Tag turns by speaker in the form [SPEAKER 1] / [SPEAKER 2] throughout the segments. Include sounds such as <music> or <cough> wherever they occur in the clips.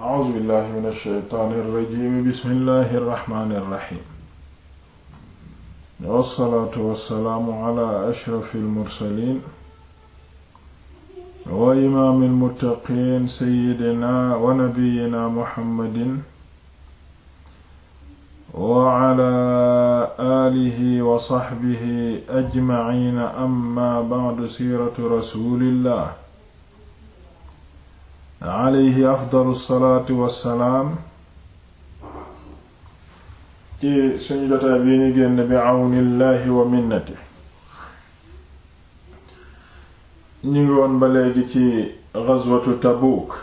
[SPEAKER 1] a'uuzu billahi min alsheytaan irrajim bismillahi irrahmani irrahim wassalaatu wassalaamu ala ashrafi almursalin wa imaami almuttaqiin sayidina wa nabiyina muhammadin wa ala aalihi wa saxbihi ajmaciina amma bacdu siiratu rasulillah alayhi afdalu salaatu wassalaam ci suñu jotaay bi ñu génn bi àwnillaahi wa minnati ñu ngi woon ba léegi ci ghazwatu Tabuuk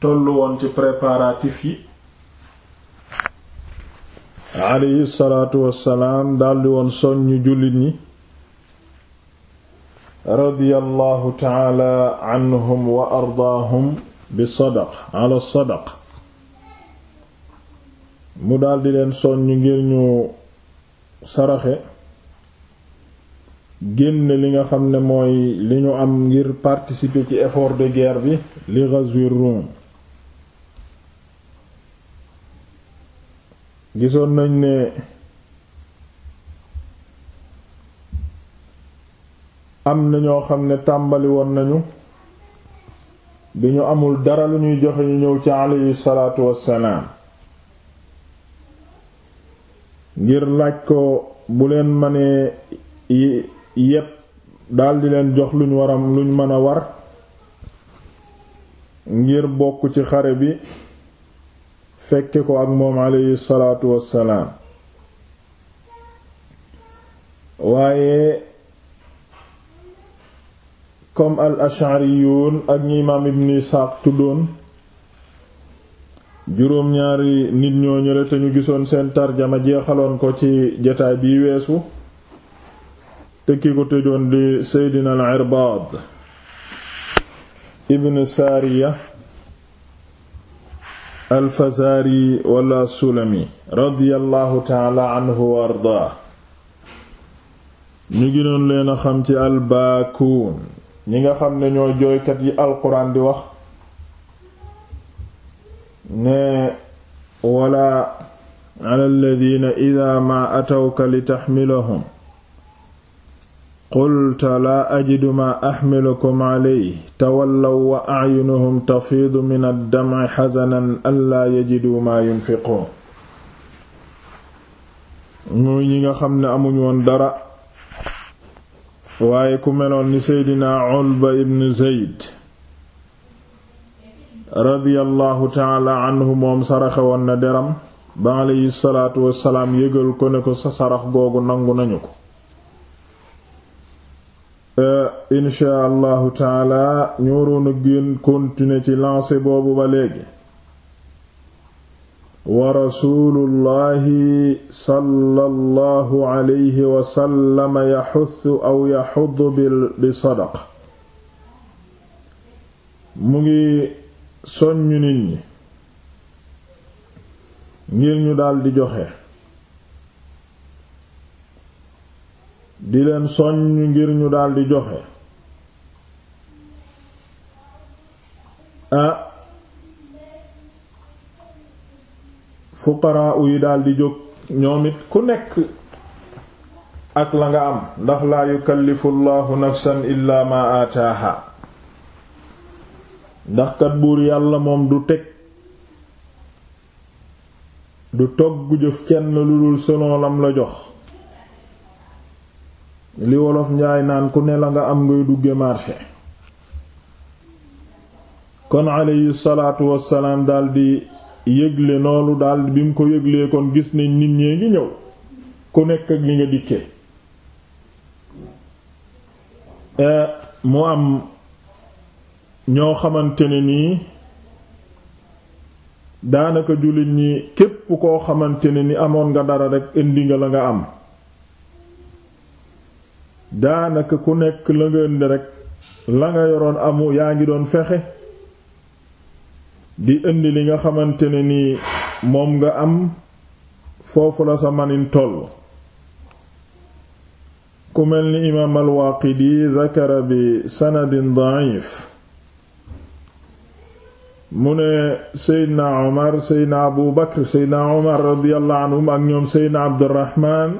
[SPEAKER 1] tollu woon ci préparatif yi alayhi salaatu wassalaam daldi woon soññu jullit ñi radiyallahu taala anhum wa ardaahum bi sadaq ala sadaq mu daldi leen soññ ngir ñu saraxe génn li nga xam ne mooy li ñu am ngir participer ci effort de guerre bi li ghazwir Rum gisoon nañ ne am na ñoo xam ne tàmbali woon nañu bi ñu amul dara lu ñuy joxe ñu ñëw ci aleyhi salaatu wassalaam ngir laaj ko bu leen mënee yépp daldi leen jox luñ waram luñ mën a war ngir bokk ci xare bi fekke ko ak moom aleyhi salaatu wassalaam waaye comme al ash'ariyun ak ñi imaam ibn Isaaq tuddoon juróom-ñaari nit ñooñu la te ñu gisoon seen tarjama jeexaloon ko ci jotaay bi weesu te ki ko tëjoon di Seydina al Irbaad ibn Saariya al Fazaari wala Sulami radiyallahu taala anhu wa ardaa ñu ginoon leen a xam ci al Baakuun ñi nga xam ne ñooy jooykat yi alquran di wax ne wala ala alladina ida ma atawka litaxmilahum qulta laa ajidu maa axmilukum caley tawallaw wa acyunuhum tafiidu min addamci xasanan an laa yajiduu maa xam ne amuñ woon dara waaye ku meloon ni seydina Ulba ibn Zayd radiyallahu taala anhu moom saraxewoon na deram ba aleyhi salaatu wassalaam yëgal ko ne ko sa sarax googu nangu nañu ko e, inshaa allahu taala ñu waroon a gën ci lancé boobu ba léegi wa rasuulullahi sallallahu alayhi wa sallam yaxuthu aw yaxuddu bi sadaqa mu ngi soññu nit ñi ngir ñu daldi joxe di leen soññ ngir ñu daldi joxe ah, fuqaraa yi daal di jóg ñoom it ku nekk ak la nga am ndax laa yukallifu llahu nafsan illaa ma aataaha ndax buur yàlla moom du teg du togg jëf kenn lu dul selon lam la jox li wolof njaay naan ku ne la nga am ngay dugge marché kon aleyhi daldi yëgle noonu daal bi mu ko yëglee kon gis ni nit ñee ngi ñëw ku nekk ak li nga dikke eh, mu am ñoo xamante ne nii daanaka jullit ñi képp koo xamante ne ni amoon nga dara rekk indi nga la nga am daanaka ku nekk la nga indi rekk la nga yoroon amu yaa ngi doon fexe di indi li nga xamante ne nii moom nga am foofu la sa manin toll ku mel ni imaam al-Waaqidi zakara bi sanadin da'if mu ne seydna omar seydna abu bakr seydna omar radiyallahu anhum ak ñoom seydna abdurrahman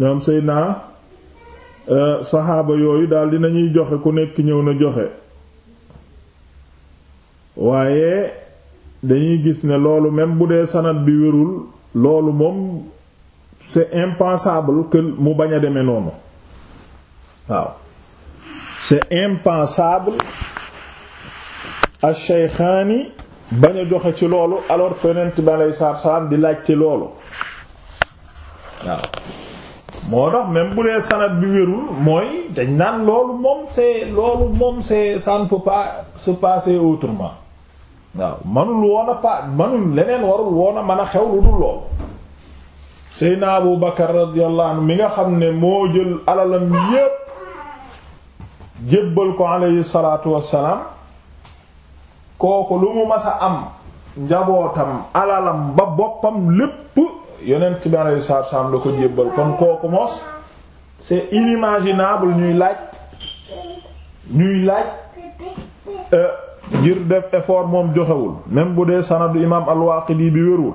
[SPEAKER 1] ñoom eh, saxaaba yooyu daal dinañuy joxe ku nekk ñëw na joxe waaye dañuy gis ne loolu même bu dee sanad bi wérul loolu moom c'est impensable que mu bañ a demee noonu waaw c'est impensable ash-Shaykhaani bañ a joxe ci loolu alors que Yonent bi alayhi salaatu di laaj ci loolu waaw moo tax même bu dee sanad bi wérul mooy dañ naan loolu moom c'est loolu moom c'est ça pas se passer autrement waaw manul woon a pa manul leneen warul woon a mën a xew lu dul lool Seydina Abu Bakar radiyallahu mi nga xam ne moo jël alalam yépp jébbal ko aleyhi salaatu wassalaam kooku lu mu mas a am njabootam alalam ba boppam lépp yonent bi aleyhi salaatu la ko jébbal kon kooku moos c'est inimaginable ñuy laaj ñuy laaj euh, ngir def effort moom joxewul même bu dee sanadu imaam al bi wérul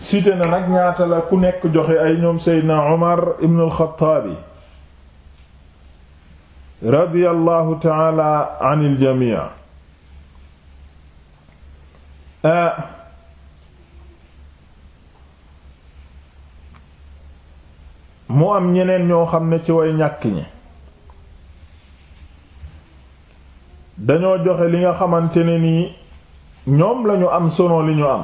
[SPEAKER 1] cité na nag ñaata la ku nekk joxe ay ñoom Seydina Omar ibn al-Khattabi radiyallahu ta'ala anil jamii ah. mu am ñeneen ñoo xam ne ci way ñàkk ñi dañoo joxe li nga xamante ne nii ñoom lañu am sono li ñu am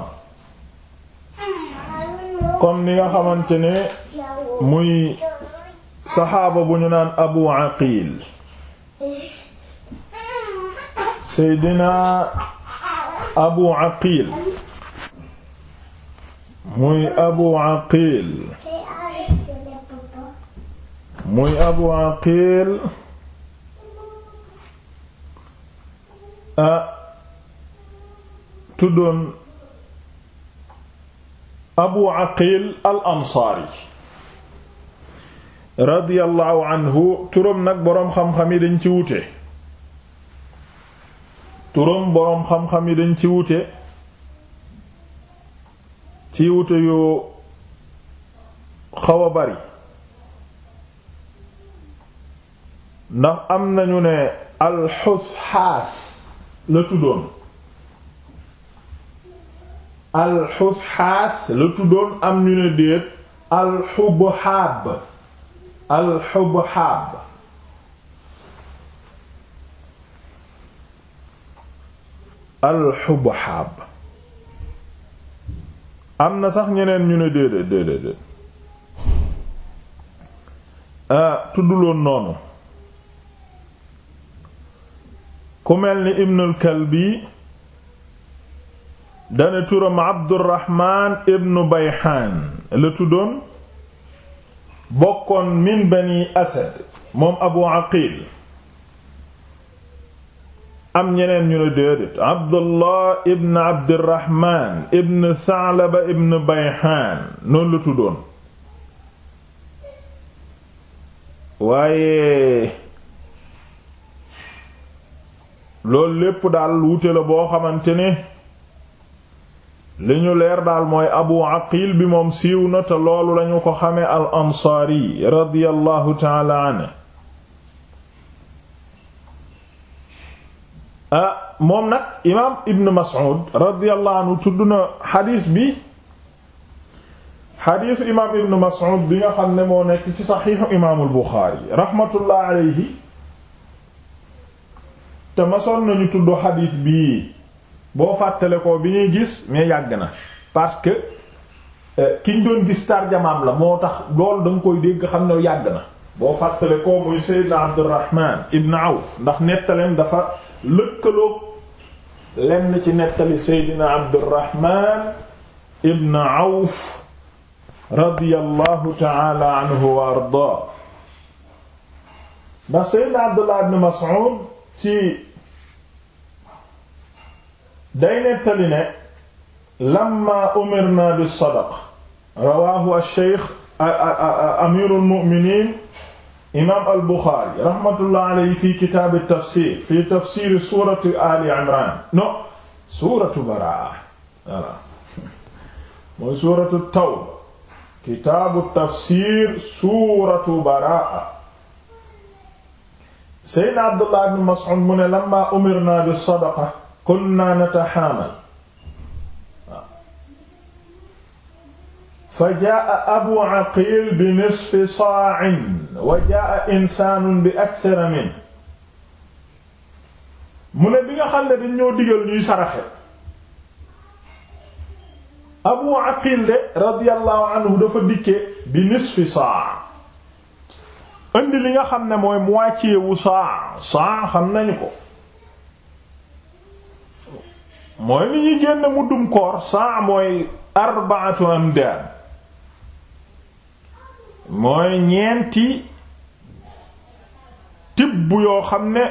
[SPEAKER 1] comme li nga xamante ne muy saxaaba bu ñu naan abu aqil seydina abu aqil muy abu aqil muy abu aqil tuddoon abu aqil al ansaari radiyallahu anhu turam nag boroom xam-xam yi dañ ci wute turam boroom yi dañ ci wute ci wute yu xaw a bari ndax am nañu ne alxusxaas la tuddoon alxusxaas la tuddoon am ñu ne déet alxubxaab alxubxaab alxubxaab am na sax ñeneen ñu ne déedéet déedéet ah tudduloon noonu ku mel ni ibnul kalbi dane turam abdurrahman ibnu bayhaan la tuddoon bokkoon min bani asad moom abu aqil am ñeneen ñu ne déedéet abdullah ibn abdirahman ibn saalaba ibn bayhaan noonu la tuddoon waaye loolu lépp daal wuute la boo xamante ne li leer daal mooy abu aqil bi moom siiw na te loolu lañu ko xamee al ansaari radiyallahu taala anhu ah, moom nag imaam ibn mas'ud radiyallahu anhu tudd xadiis bi xadiisu imaam ibn mas'ud bi nga xam ne moo nekk ci saxiixu imaamul buxaari raxmatullahi alayhi te masoon nañu tudd xadiis bii boo fàttale ko bi ñuy gis mais yàgg na parce que euh, kiñ doon gis tarjamaam la moo tax loolu da nga koy dégg xam ne yàgg na boo fàttale ko muy Seydina Abdurrahman ibn Awf ndax nettaleem dafa lëkkaloog lenn ci nettali Seydina Abdurrahman ibn Awf radiyallahu ta'ala anhu wa arda ndax Seydina Abdullah ibn Mas'ud ci day nettali ne lamma umirna bis sadaqa rawaahu ash-shaykh amiirul mu'miniin imaam al-Buxaari rahmatullahi alayhi fi kitaab at-tafsiir fi tafsiir suuratu aali Imraan no suuratu Baraa voilà <laughs> mooy suuratu Tawba kitaabu tafsiir suuratu Baraa Seydina Abdullah ibn Mas'uud mu ne lamma umirna bis sadaqa kunna nataxaamal fa jaa abu aqil bi nisfi saa'in wa jaa insaanun bi akthara min mu ne bi nga xam ne dañ ñoo digal ñuy saraxe abu aqil de radiyallahu dafa dikke bi nisfi saa indi li nga xam ne mooy moitié wu saa saa xam nañu ko mooy ni ñuy génn muddum koor saa mooy arbaatu amdaan mooy ñeenti tibb yoo xam ne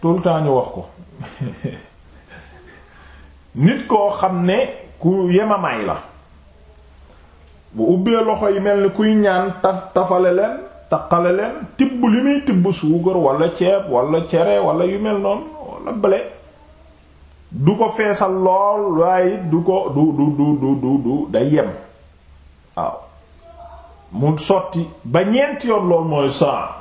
[SPEAKER 1] tout wax ko <laughs> nit koo xam ne ku yemamaay la bu ubbee loxo yi mel ni kuy ñaan taf tafale leen taqale leen tibb li muy tibb suukar wala ceeb wala cere walla yu mel noonu wala blé du ko feesal lool waaye du ko du du du du du du day yem waaw mu sotti ba ñeenti yoon lool mooy saa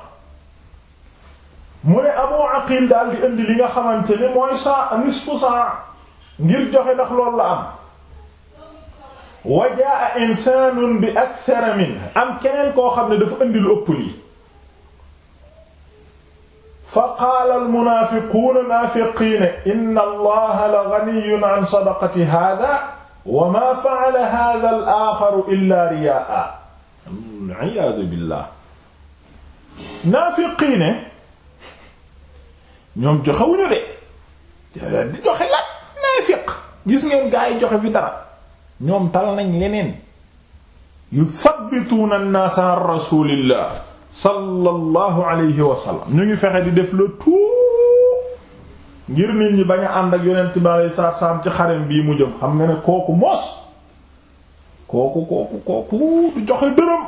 [SPEAKER 1] mu ne Abu Aqil daal di indi li nga xamante ni mooy saa nisfu saa ngir joxe ndax lool la am wajaa insanun bi akthara min am keneen koo xam ne dafa indi lu ëpp lii fa qaala almunaafiquuna naafiqiina inna allaha la ganiyyun an sadaqati haadaa wa maa fa'ala haadaa al-aaxaru illaa riyaa'an al-iyaadu billaah naafiqiina ñoom joxewuñu de di joxe la naafiq gis ngeen gaa yi joxe fi dara ñoom tal nañ leneen yuthabbituuna an-naasa an rasuulillah sallallahu alayhi wa sallam ñu ngi fexe di def le tout ngir nit ñi bañ a ànd ak yonent bi alayhi salaam ci xarem bii mu jëm xam nga ne kooku moos kooku kooku kooku du joxe dërëm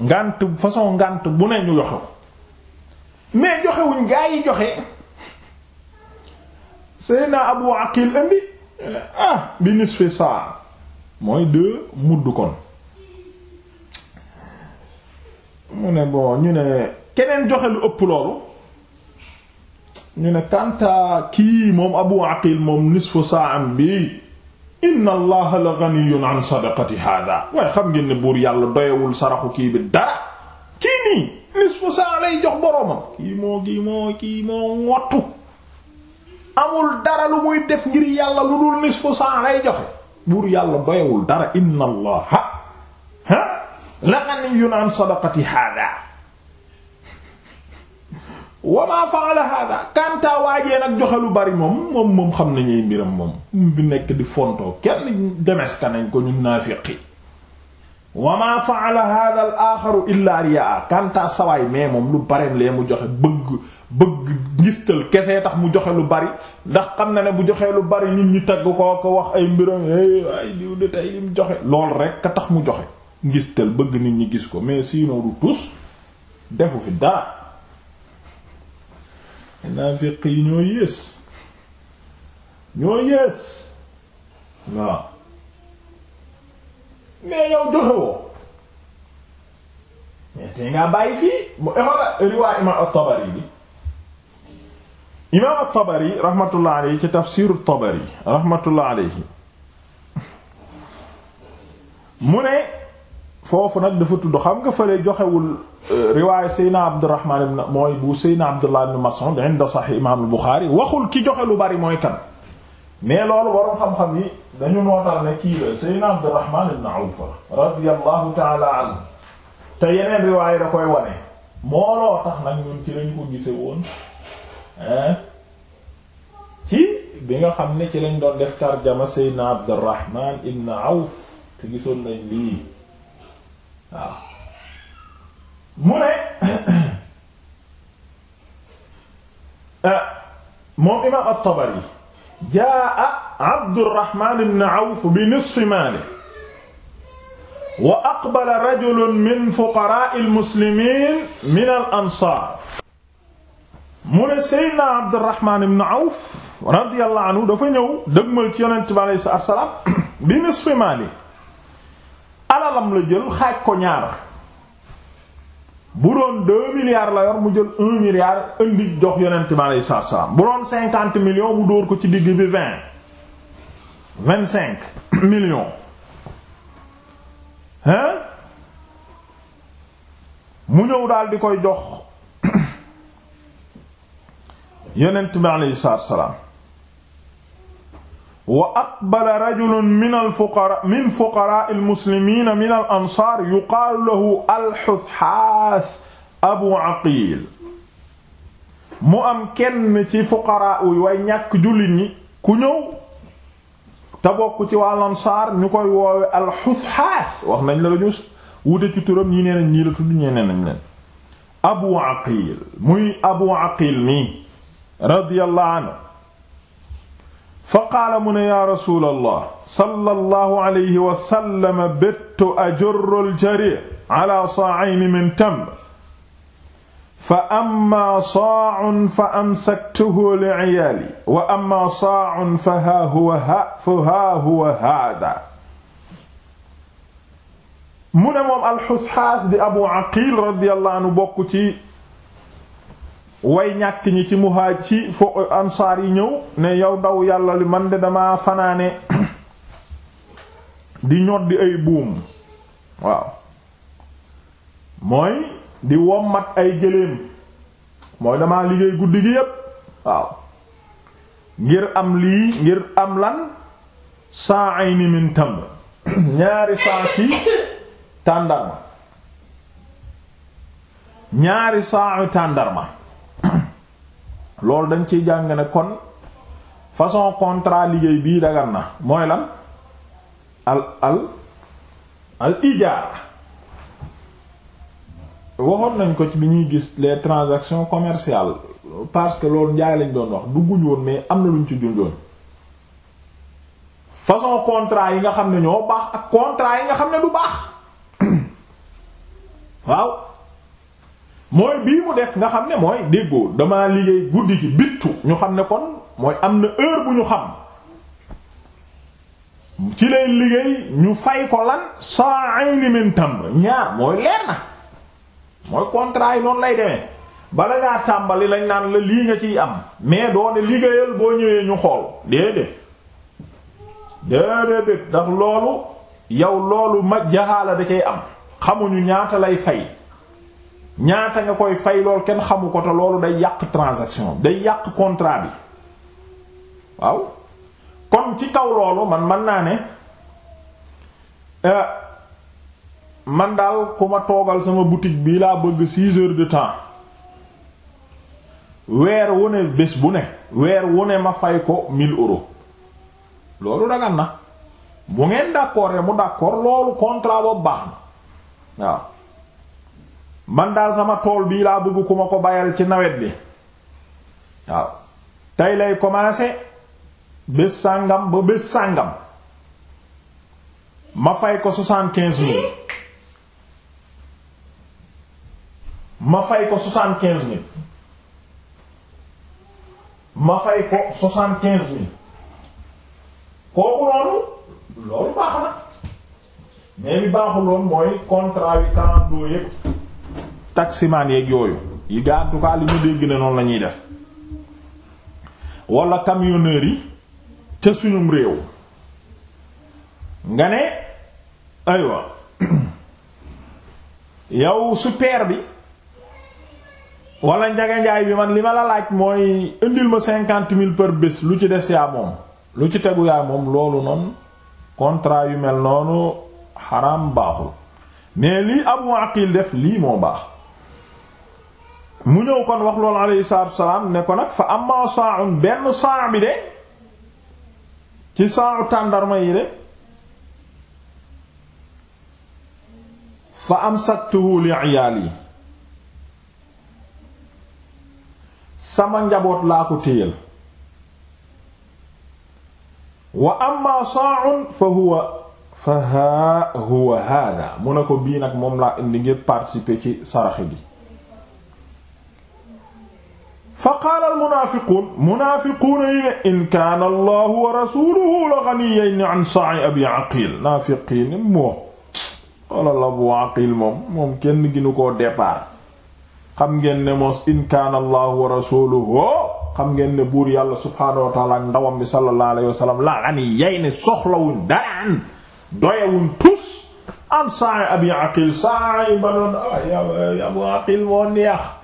[SPEAKER 1] ngànt façon ngànt bu ne ñu joxe ko mais joxewuñ gaa yi joxe Seyna Abu Aqil indi ah bi nisfi saa mooy deux mudd kon mu ne bon ñu ne keneen joxe lu ëpp loolu ñu ne kanta kii moom abu aqil moom nisfu sa'am bi inna allaha la ghaniyun an sadaqati hada waaye xam ngeen ne buur yàlla doyewul saraxu kii bi dara kii nii nisfu sa'a lay jox boroomam kii moo kii moo kii moo ngottu amul dara lu muy def ngir yàlla lu dul nisfu sa'a lay joxe buur yàlla doyewul dara inna allaha ha la ganiyun an sadaqati hada wa ma fa'ala hada kanta waajee nag joxe lu bari moom moom moom xam nañuy mbiram moom mu bi nekk di fontoo kenn demes ka nañ ko ñun naafiqi wa ma fa'ala hada al aaxaru illa riyaa kanta sawaay mais moom lu bareem lee mu joxe bëgg bëgg ngistal kese tax mu joxe lu bari ndax xam na ne bu joxee lu bari nit ñi tagg ko ko wax ay mbiram ay diw de tey lim joxe lool rek ka tax mu joxe ngistal bëgg ni ñu gis ko mais sinon du tus defu fi dara naafiq yi ñoo yées ñoo yées waaw mais yow joxewoo mais tey ngaa fii mu eh, imaam at-Tabari bi imaam at-Tabari rahmatullah alayhi ci tafsiru at-Tabari rahmatullah alayhi <laughs> mu ne foofu nag dafa tudd xam nga fële joxewul euh, riwaay Seyna Abdurrahman ibn mooy bu Seyna Abdullah ibn Mas'ud inda Sahih waxul ki joxe lu bari mooy kan mais loolu borom xam-xam yi dañu nootal ne kii la Seyna Abdurrahman ibn Awf radiyallahu ta'ala anhu te yeneen riwaay da koy wane moo loo tax nag ñun ci lañ ko gise woon ci bi nga xam ne ci lañ doon def tarjama Seyna Abdurrahman ibn Awf te gisoon nañ lii waaw mu ne <coughs> ah, moom imaam at-Tabari jaa Abdurrahman ibn Awf bi nisfi maali wa aqbala rajulun min fuqaraa'i al-muslimiin min al-ansaar mu ne Seydina Abdurrahman ibn Awf radiyallahu anhu dafa ñëw dëgmal ci Yonent bi alayhi salaatu wa salaam <coughs> bi nisfi maali alalam la jël xaaj ko ñaar bu doon deux la yor mu jël un milliard indi jox yonent bi aleyhi salaatu salaam bu doon cinquante millions mu dóor ko ci digg bi vingt vingt cinq <coughs> millions hein mu ñëw daal koy jox <coughs> yonent bi aleyhi salaatu salaam wa aqbala rajulun min al-fuqaraa min fuqaraa'i al-muslimiina min al-ansaar yuqaalu lahu al-Huthaas Abu Aqiil mu am kenn ci fuqaraa yi way ñàkk jullit ñi ku ñëw te bokk ci waa al-ansaar ñu koy woowe al-Huthaas wax nañ la dañu wute ci turam ñii nee nañ ñii la tudd ñee nee nañ leen Abu Aqiil muy Abu Aqiil mi radiyallahu anhu fa qaala mu ne yaa rasuulallah sallallahu alayhi wa sallam bittu ajurru al-jariih alaa saa'ayni min tamr fa ammaa saa'un fa amsaktuhu li'iyaalii wa ammaa saa'un fa haa huwa haa fa haa huwa haadaa mu ne moom alxusxaas di abu aqiil radiyallahu anhu bokk ci way ñàkk ñi ci muhaaj ci fo ansaar yi ñëw ne yow daw yàlla li man de dama fanaane <clears throat> di ñoddi ay buum waaw mooy di wommat ay gëléem mooy dama liggéey guddi gi yépp waaw ngir am lii ngir am lan sa'ayni min tamr <clears throat> ñaari saa ci tàndarma ñaari saa tàndarma loolu dañ ciy jàng ne kon façon contrat liggéey bii dagan na mooy lan al al al ijaara waxoon nañ ko ci bi ñuy gis les transactions commercial parce que loolu njaay lañ doon wax dugguñ woon mais am na luñ ci junjoon façon contrat yi nga xam ne ñoo baax ak contrat yi nga xam ne du baax <coughs> waaw mooy bii mu def nga xam ne mooy déggoo damaa liggéey guddi gi bittu ñu xam ne kon mooy am na heure bu ñu xam ci lay liggéey ñu fay ko lan sa'ayn min tamr ñaar mooy leer na mooy contrat yi noonu lay demee bala ngaa tàmbali lañ naan la lii nga ciy am mais doone liggéeyal boo ñëwee ñu xool déedéet déedéet ndax loolu yow loolu ma jaxaala da cay am xamuñu ñaata lay fay ñaata nga koy fay lool kenn xamu ko te loolu day yàq transaction day yàq contrat bi waaw kon ci kaw loolu man man naa ne euh, man daal ku ma toogal sama boutique bii laa bëgg six heures de temps weer wu ne bés bu ne weer wu ne ma fay ko mille euros loolu dagan na bu ngeen d'accord mu d'accord loolu contrat boobu baax na waaw man daal sama tool bii laa dugg ku ma ko bayal ci nawet bi waaw tey lay commencer bés sàngam ba bés sàngam ma fay ko soixante ma fay ko soixante-quinze ma fay ko soixante-quinze mille kooku noonu loolu baax na mais bi baaxul mooy contrat yi quarante-deux yépp taximaan yeeg yooyu yi ga en tout cas li ñu dégg ne noonu la def wala camionneurs yi te suñum réew nga ne aywa <clears throat> yow super bi wala njaganjaay bi man li ma la laaj mooy indil ma cinquante mille par bés lu ci des yaa moom lu ci tegu yaa moom loolu noonu contrat yu mel noonu xaraam baaxul mais lii Abu Aqil def lii moo baax mu ñëw kon wax loolu alayhi salaatu wasalaam ne ko nag fa amma saa'un benn saa bi de ci saa'u tàndarma yi de fa amsaktuhu li yi sama njaboot laa ko téyal wa amma saa'un fa huwa fa haa huwa haadaa mu ne ko bii nag moom laa indi ngir participer ci sarax bi fa qaala almunaafiquun munaafiquuna yi ne in kaana allahu wa rasuluhu la ganiyayni an sa'i abi aqil naafiqiin moom xoolal abu aqil moom moom kenn ginu koo départ xam ngeen ne moos in kaana allahu wa rasuluhu xam ngeen ne buur yàlla subhaanahu wa taala ak ndawam bi sallallahu alayhi wa sallam la ganiyayni soxlawuñ daan doyawuñ tus an sa'i abi aqil sa'i ba doon abu aqil moo neex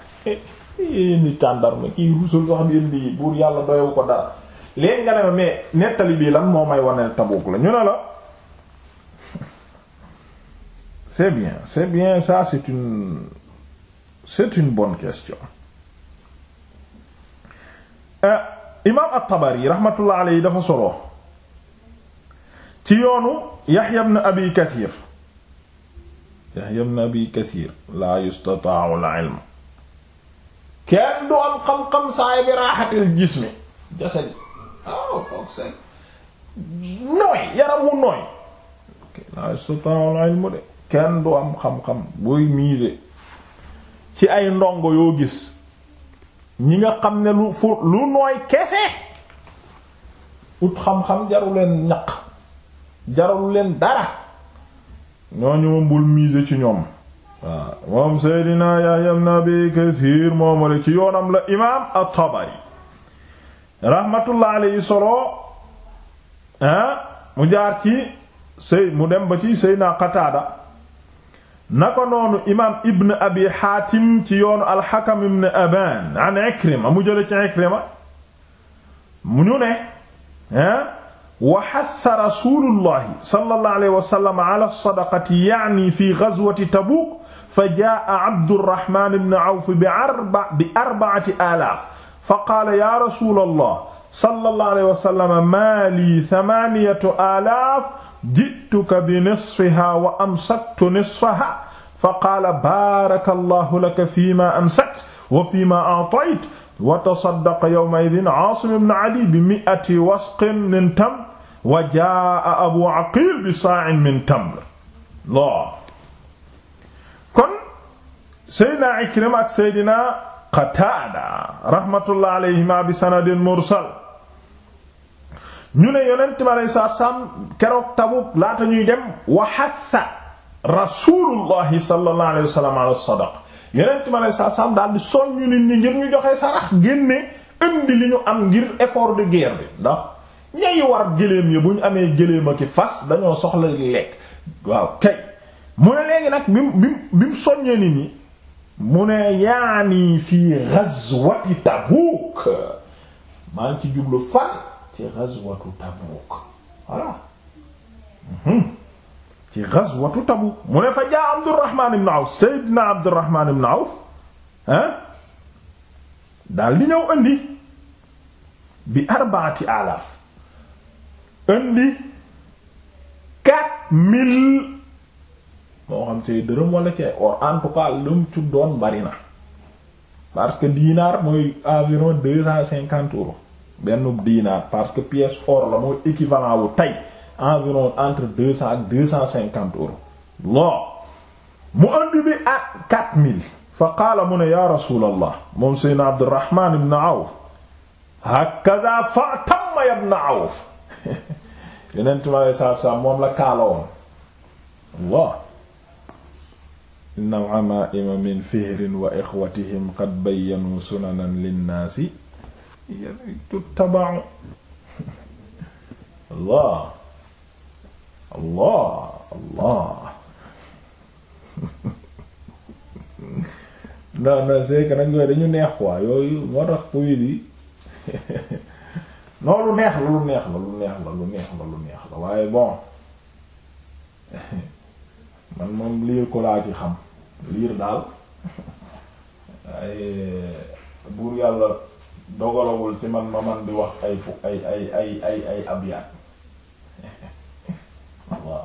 [SPEAKER 1] ni tàndarma kii ruusal sax bi buur yàlla doyewu ko dara léegi nga ne mais nettali bii lan moo may wane Tabuk la ñu ne la <laughs> c'est bien c'est bien ça c'est une c'est question euh, imaam at-Tabari rahmatullah dafa solo ci yoonu Yahya ibn Abi Kathir Yahya ibn Abi Kathir la yustataa'u al kenn du am xam-xam saay bi raaxatil jismi jasad waaw foog seen nooy yaram wu nooy kenn du am xam-xam buy miser ci ay ndongo yoo gis ñi nga xam ne lu fu lu nooy kese ut xam-xam jaru leen ñaq jaralu leen dara ñooñu moom bul ci ñoom waaw moom Seydina Yahya ibn Abi Kathir moomale ci yoonam la imaam at-Tabari rahmatullah alayhi solo ah, mu jaar ci sëy mu dem ba ci Seydina Qataada naka noonu imaam Ibn Abi Haatim ci yoonu al-Hakam ibn Abaan an Ikrima mu jële ci Ikrima mu ñu ne ah, wa hassa rasuulullahi sallallahu alayhi wa sallam ala sadaqati ya'ni fi ghazwati Tabuuk fa jaa Abdurrahman ibn Awf bi arba bi arba'ati alaaf fa qaala yaa rasuulallah sallallahu alayhi wa sallam maa lii thamaaniyatu alaaf ji'tuka bi nisfihaa wa amsaktu nisfahaa fa qaala baarakallahu laka fiimaa amsakta wa fiimaa a'tayta wa tasaddaqa yawma'idhin Aasim ibn Adiy bi mi'ati wasqin min tamr wa jaa'a Abuu Aqiil bi saa'in min tamr Seydina Ikrima ak Seydina Qataada rahmatullah bi sanadin mursal ñu ne yonent bi alayhi salaatu keroog Tabuk laata ñuy dem wa hatha rasuulullahi sallallahu alayhi wasallam ala sadaqa yonent bi alayhi salaatu salaam daal di soñ ñu nit ñi ngir ñu joxe sarax génne indi li ñu am ngir effort de guerre bi ndax ñay war gëléem yi bu ñu amee gëléem ak fas dañoo soxla lekk waaw kay mu ne léegi nag bi mu bi mu soññee nit ñi mu ne yaani fii ghazwati Tabuk maa ngi ci jublu fan ci ghazwatu Tabuk voilà mhm. ci ghazwatu Tabuk mu ne fa jaa Abdurrahman ibn Awf Seydina Abdurrahman ibn Awf ah daal di ñëw indi bi arbaati alaaf indi quatre mille moo xam cay dërëm wala cay or en tout cas lum ci bari na parce que dinar mooy environ deux cent cinquante euros benn dinar parce que pièce or la mooy équivalent wu tey environ entre deux ak deux cent mu andi bi ak quatre mille fa qaala mu ne ya rasulallah moom seydna abdirahman ibn awf hakaza fa tamma ibn awf <laughs> yeneen moom la kaala woon inna al-amaa'ima min fihrin wa ixwatihim qad bayyanu sunanan linnaasi tuttaba'u allah allah allah non non nag yooyu dañu neex quoi yooyu moo tax poésie <laughs> non lu neex la lu neex la lu neex la lu neex la lu neex la waaye bon <laughs> man moom liir ko laa ci xam liir daal waaye buur yàlla dogalawul ci man ma man di wax ay fu ay ay ay waaw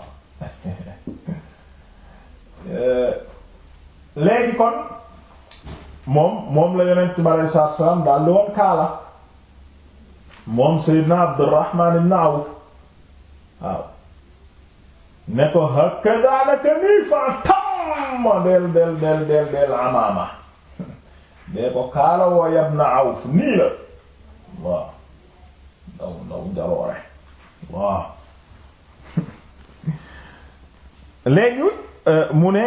[SPEAKER 1] eh, léegi kon moom moom la yonent bi aleyhi salaatu salaam daal di woon kaala moom Seydina Abdurrahman ibn Awf ne ko hakka daanaka nii fa amma del del del del del amaama dee ko kaala yab na awf nii la waaw ndaw ndaw jaloore waaw <laughs> léegi euh, mu ne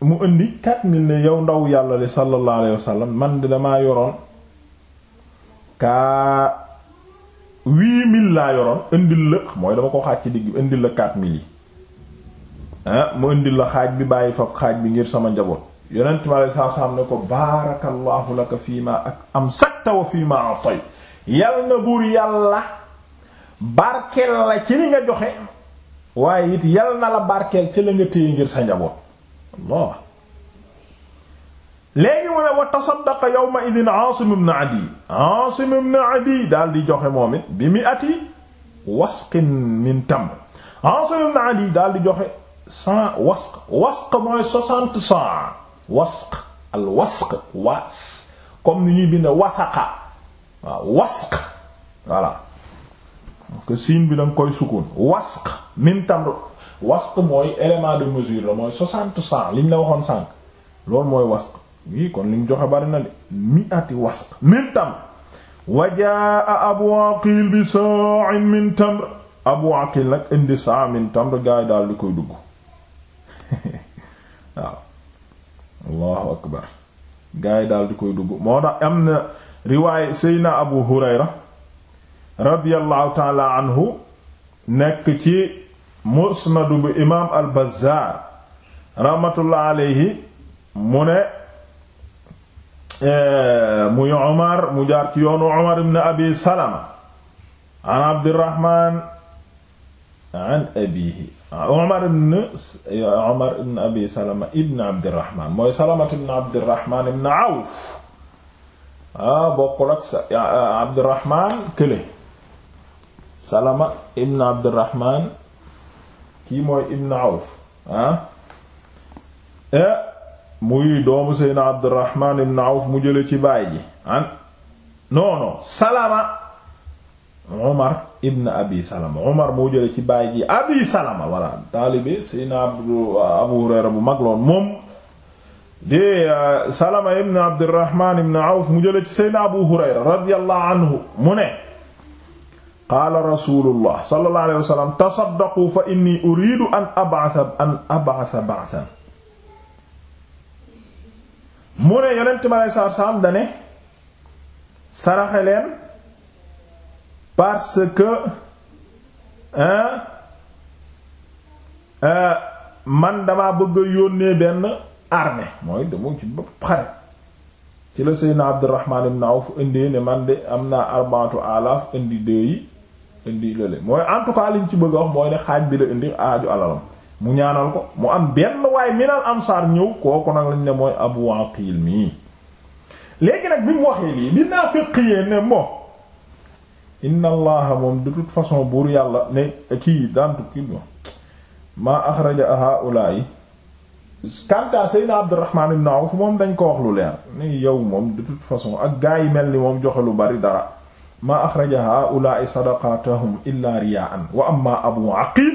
[SPEAKER 1] mu indi quatre mille ne yow ndaw yàlla li sallallahu alayhi wasallam man de damaa yoroon kaa huit mille laa yoroon indil la mooy dama ko xaaj ci digg indil la quatre mille yi mu indil la xaaj bi bàyyi fa xaaj bi ngir sama njaboot yonent mi alei saatu salaam ne ko baarakallaahu laka fii ma ak am sakta wa fii ma atay yal na buur yàlla barkeel la ci li nga joxe waaye it yal na la barkeel ci la nga téye ngir sa njaboot Allah léegi mu ne wa tasaddaqa yawma idin Aasim ibn Adi Aasim ibn Adi daal di joxe moom it bi mi ati wasqin min tamr Aasim ibn Adi daal di joxe cent wasq wasq mooy wasq al wasq was comme ni ñuy bind wasaqa waaw wasq voilà que siin bi da nga koy sukun wasq min wasq mooy élément de mesure la mooy liñ la waxoon sànq loolu mooy wasq yii kon li joxe bari na de mi wasq min wajaa abu aqil bi sa'in min tamr abu aqil nag indi saa min gaay daal di koy dugg waaw <laughs> ah. allahu akbar gaa yi daal di koy dugg moo tax am na riwaay seyna abu hurayra radiallahu taala anhu nekk ci musnadu bu imaam al bazaar rahmatullah aleyhi mu ne eh, muy omar mu jaar ci yoonu omar ibn abi salama an abdirahman an abihi Ah, Omar ibn Omar ibn Abi Salama ibn Abdirahman mooy Salama ibn Abdirahman ibn Awf ah bokkul ak sa ah, Abdirahman Kële Salama ibn Abdirahman kii mooy ibn Awf ah eh, muy doomu Seydina Abdirahman ibn Awf mu jële ci baay ji ah non non Salama. Omar ibn Abi Salama Omar moo jëlee ci baay ji Abi Salama voilà taalibe Seydina Abdu Abu Hurayra bu mag loon moom di euh, Salama ibn Abdurrahman ibn Awf mu jëlee ci Seydina Abu Hurayra radiyallahu anhu mu ne qaala rasulullah sallallahu alayhi wa sallam tasaddaqu fa inni uridu an ab'atha an ab'atha ba'than mu ne yonent ma lay saar saam dane saraxe leen parce que hein euh, man damaa bëgg a yónnee benn armée mooy dama ci bopp xare ci la Seydina Abdurrahman ibn Awf indi ne man de am naa arbaatu alaaf indi deux yi indi lële mooy en ci bëgg wax mooy ne xaaj bi la indi alalam mu ñaanal ko mu am benn waaye minal ansaar ñëw kooku nag lañ ne mooy Abu Aqil mii léegi nag bi mu waxee lii dinaa fekk yéen ne mo inna allaha moom de façon buur yàlla ne kii daantu kii maa axraja haula yi kanta seydna abdurrahman ibn awf moom dañ ko wax lu leer ni yow moom de façon ak gaa mel ni moom joxe lu bari dara maa axraja haula sadaqatahum illa riyaan wa abu aqil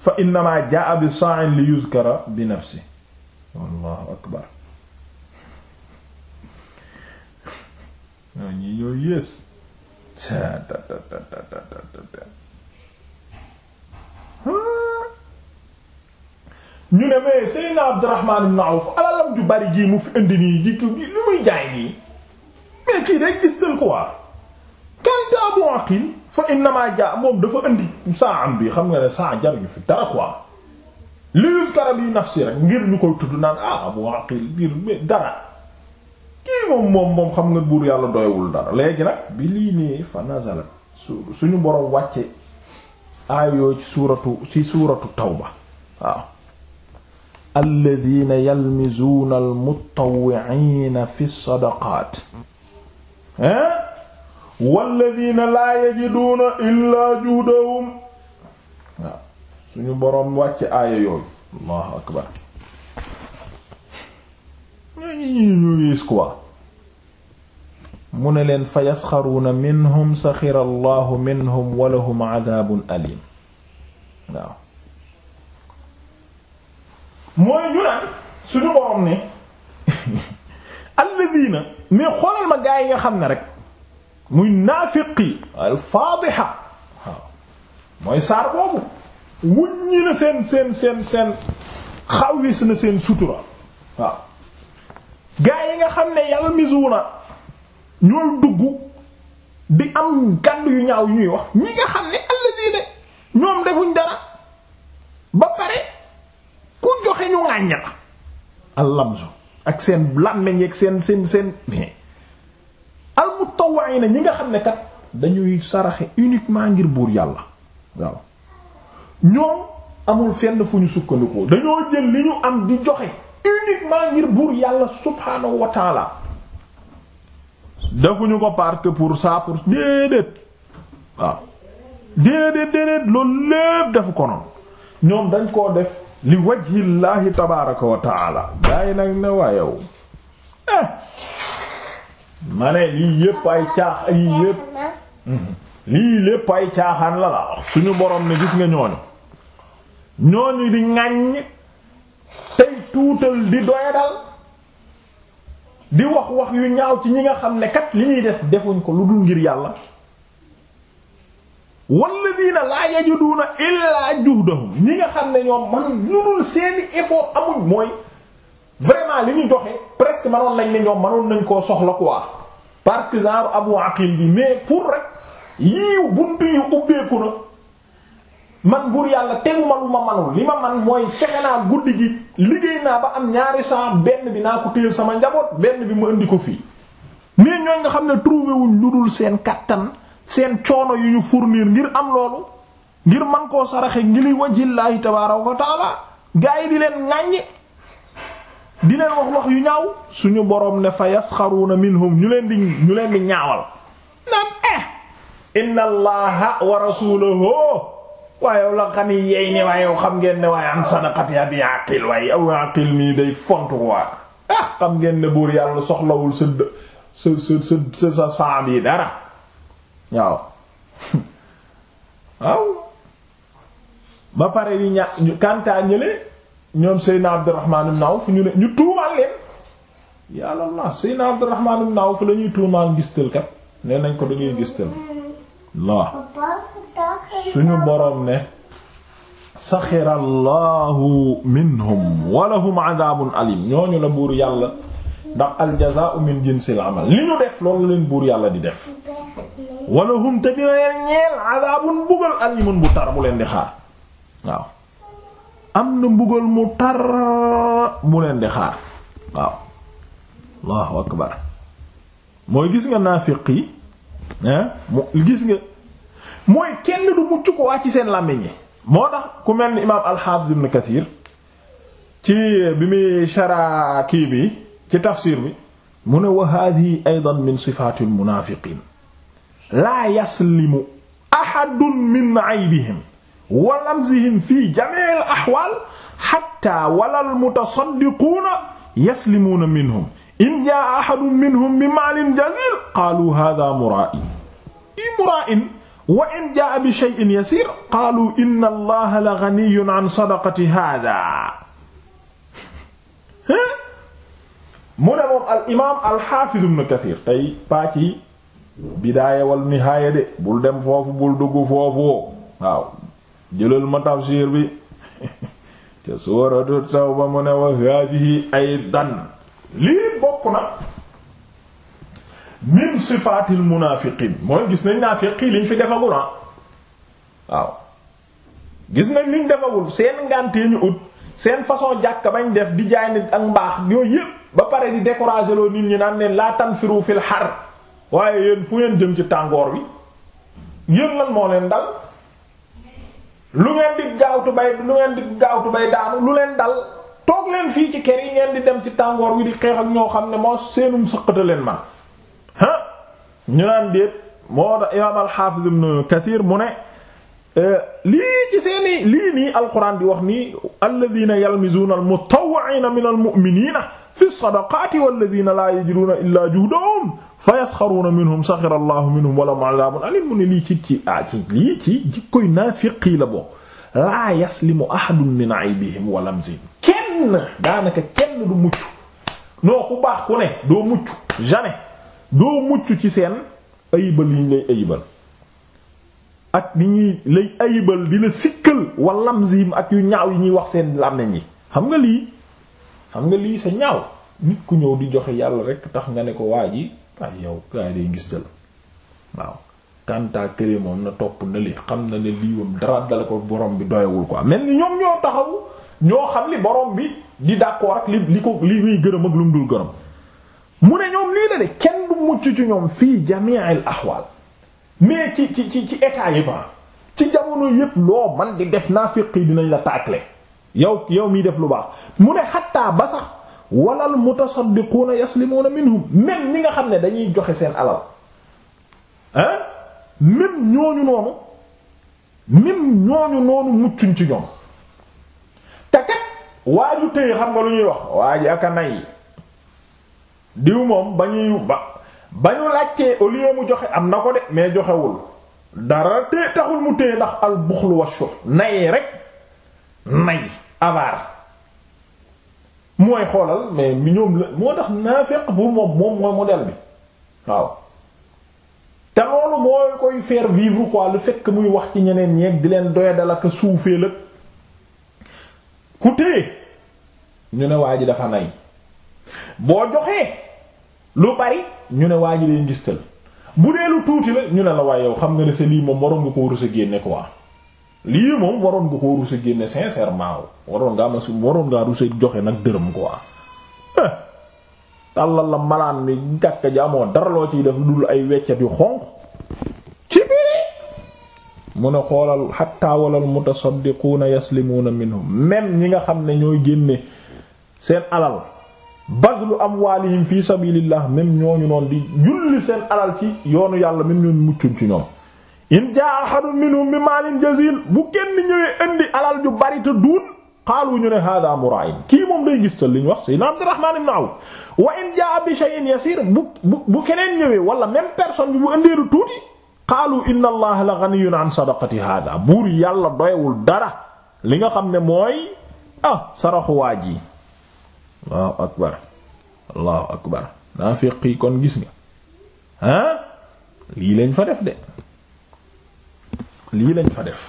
[SPEAKER 1] fa innama jaa bi sa'in li yuzkara bi nafsi wallahu akbar <laughs> ñoo ñi <laughs> ñu ne mais Seydina Abdurrahman ibn Awf alalam ju bari ji mu fi indi nii ji lu muy jaay nii mais kii day gis tël quoi quant à Abu Aqil fa innama jaa moom dafa indi saa am xam nga ne saa jar fi dara quoi li yuzkara bi nafsi rek ngir ñu koy tudd naan ah Abu Aqil ngir dara kii moom moom xam nga buur yàlla doywul dara léegi nag bi lii nii fa nazalat su suñu boroom wàcce aay yooyu ci suuratu ci suuratu tawba waaw alladina yalmizuuna almutawwi'ina fi sadaqaat walladina laa yajiduuna illaa juhdahum waaw suñu boroom wàcce aaya yooyu allahu akbar ñu mu ne leen fa yasxaruuna minhum saxira allahu minhum wa lahum alim mooy ñu naan suñu borom ne <laughs> alladina mais xoolal ma gaa yi nga xam ne rek muy naafiqi alfaadixa waaw mooy saar boobu wuññi na seen seen seen seen seen sutura gaa yi nga xam ne yàlla misuuna ñooy dugg di am gàddu yu ñaaw yu ñuy wax ñi nga xam ne ñoom defuñ dara ba pare ku joxe ñu ŋàññ la allamzu ak seen làmmeñ ak seen seen seen almutawwi'ina ñi nga xam ne kat dañuy saraxe uniquement ngir buur yàlla waaw ñoom amul fenn fu ñu sukkandikoo dañoo jël li ñu am di joxe uniquement ngir buur yàlla subhaanahu wa taala defuñu ko parce que pour ça déedéet déedéet loolu lépp defu ko noonu ñoom dañ koo def li wajhillaahi tabaaraka wa taala yi nag ne waa yow eh. lii yépp ay caax yii yépp lii lépp ay caaxaan la suñu borom ne gis nga ñooñu ñooñu di ŋàññ tuutal di doyadal di wax wax yu ñaaw ci ñi nga xam ne kat li ñuy def defuñ ko lu dul ngir yàlla walladina laa yajuduuna illaa juhdahum ñi nga xam ne ñoom man lu seeni effort amuñ mooy vraiment li ñu joxe presque manoon nañ ne ñoom manoon nañ koo soxla ko parce que genre Abu Aqil bi mais pour rek yiiw buntu yu ubbeeku na man buur yàlla teguma lu ma manul li ma man mooy fexe naa guddi gi liggéey naa ba am ñaari saa benn bi naa ko téyel sama njaboot benn bi mu indi ko fii mais ñooñ nga xam ne trouvé wuñ lu dul seen kattan seen coono yu ñu fournir ngir am loolu ngir man koo saraxe ngi li wajillaahi tabaaraka wa taala gaa yi di leen ŋàññi di leen wax wax yu ñaaw suñu boroom ne fa na minhum ñu leen di ñu leen di ñaawal naan eh inna allaha wa rasuuluhu waaye la xam yeey ni waaye xam ngeen ne waaye am sadaqati abi aqil waaye aw aqil mii day font waa ah xam ngeen ne buur yàlla soxlawul sa sa sa sa yi dara waaw <laughs> waaw ba pare yi ña kantaa ñële ñoom Seydina Abdurrahman ibn Awf ñu ne ñu tuumaal leen yàlla la Seydina Abdurrahman ibn Awf lañuy tuumaal gistal kat nee nañ ko dañuy gistal waaw suñu boroom ne saxira allahu minhum walahum adabun alim ñooñu la buur yàlla ndax aljazaa'u min jinsil amal li ñu def loolu leen buur yàlla di def walahum te dina leen ñeel adabun mbugal alimun bu di xaar na mbugal mu tar bu leen di xaar waaw allahu akbar mooy gis nga naafiq yi mu gis nga mooy kenn du mucc ko waa ci seen làmmiñ yi moo ku mel ni imaam al-Hafiz ibn Kathir ci bi muy shara kii bi ci tafsir bi mu ne wa hadhihi aydan min sifaati almunaafiqiin laa yaslimu ahadun min aybihim wa lamzihim fi jamii al ahwaal hatta jaa ahadun minhum bi jaziil qaalu hadha muraa'in i muraa'in wa in jaa bi shay'in yasir qaalu inna allaha la ghaniyyun an sadaqati hadha mu ne al imaam al xaafiz ibn kathir tey pàcc yi bidaaya wal nihaaya de bul foofu bul foofu waaw ma tafsir bi te <laughs> suuratu tawba mu ne wa haadihi aydan lii bokk na min sifaatil munaafiqiin mooy gis nañ naafiq yi liñ fi defagul ah waaw gis nañ liñ defagul seen ngànte ñu ut seen façon jàkk bañ def di jaay nit ak mbaax yooyu yëpp ba pare di décourager loo nit ñi naan leen laa tanfiru fil har waaye yéen fu ngeen jëm ci tàngoor wi yéen lan moo leen dal lu ngeen di gaawtu bay lu ngeen di gaawtu bay daanu lu leen dal toog leen fii ci kër yi ngeen di dem ci tàngoor wi di xeex ak ñoo xam ne moo seenum sëqata leen man ñu naan déet moo tax imaam al-Hafiz ibn Kathir mu ne e, lii ci seeni lii nii alquran di wax nii alladhina yalmizuuna al-mutawwi'ina min al-mu'minina fi sadaqati walladhina la yajiduna illa juhdahum fayaskharuna minhum sakhira Allahu minhum wa lahum 'adhabun alim mu ne lii ci ci ah ci lii ci jikkoy naafiqi la boo laa yaslimu ahadun min 'aybihim wa lamzihim kenn daanaka kenn du mucc noo ku baax ku ne doo mucc jamais doo mucc ci seen ayibal yi ñu lay ayibal ak ni ñuy lay ayibal di la sikkal walamzim ak yu ñaaw yi ñuy wax seen làmmiñ yi xam nga lii xam nga lii sa ñaaw nit ku ñëw di joxe yàlla rek tax nga ne ko waa ji ay yow kaay day gis jël waaw kàntaa këre moom na topp na li xam na ne lii moom dala ko borom bi doyawul quoi mel ni ñoom ñoo taxaw ñoo xam li borom bi di d'accord ak li li ko li muy gërëm ak lu mu dul gërëm mu ne ñoom lii la de kenn du mucc ci ñoom fii jami'il ahwal mais ci ci ci ci état yi ba ci jamono yépp loo man di def naafiq yi dinañ la taakle yow yow miy def lu baax mu ne xattaa ba sax walal mutasaddiquuna yaslimuuna minhum même ñi nga xam ne dañuy joxe seen alal ah même ñooñu noonu même ñooñu noonu muccuñ ci ñoom te kat waaju tëye xam nga lu ñuy wax waaju aka nay diw moom ba ñuy ba ba ñu laajtee au mu joxe am na ko de mais joxewul dara te taxul mu téye ndax al buxlu wa shu nay rek nay abaar mooy xoolal mais ñoom la moo tax naafeq bu moom moom mooy modèle bi waaw te loolu mooy koy faire vivre quoi le fait muy wax ci ñeneen ñeeg di leen doyadal ak suufee la ku téye ñu ne waa ji dafa nay boo joxee lu bari ñu ne waa ji day ngistal bu dee lu tuuti la ñu ne la waaye yow xam nga ni sa lii moom waroon nga koo rus a génne quoi lii moom waroon nga koo rus a génne sincèrement waroon ngaa su waroon ngaa rus a joxe nag dërëm waa eh, tàllal la malaan mi jàkka ji dara loo ciy def dul ay weccat yu xonq ci biir mu ne xoolal xatta walal mutasaddiquuna yaslimuuna minhum même ñi nga xam ne ñooy génne seen alal. bazlu amwaalihim fi sabilillah même ñooñu noonu di julli seen alal ci yoonu yàlla même ñooñu muccuñ ci ñoom in jaa ahadun minhum bi maalin jazil bu kenn ñëwee indi alal ju bari te duun xaalu ñu ne hada mura'in kii moom day gis tal li ñu wax sayyidina Abdurrahman ibn Awf wa in jaa bi shay'in yasir bu bu keneen ñëwee wala même personne bi bu indeedu tuuti xaalu inna allaha la ghaniyyun an yàlla doyewul dara li nga xam ne mooy ah saraxu allahu akbar allahu akbar naafiq yi kon gis nga ah lii lañ fa def de lii lañ fa def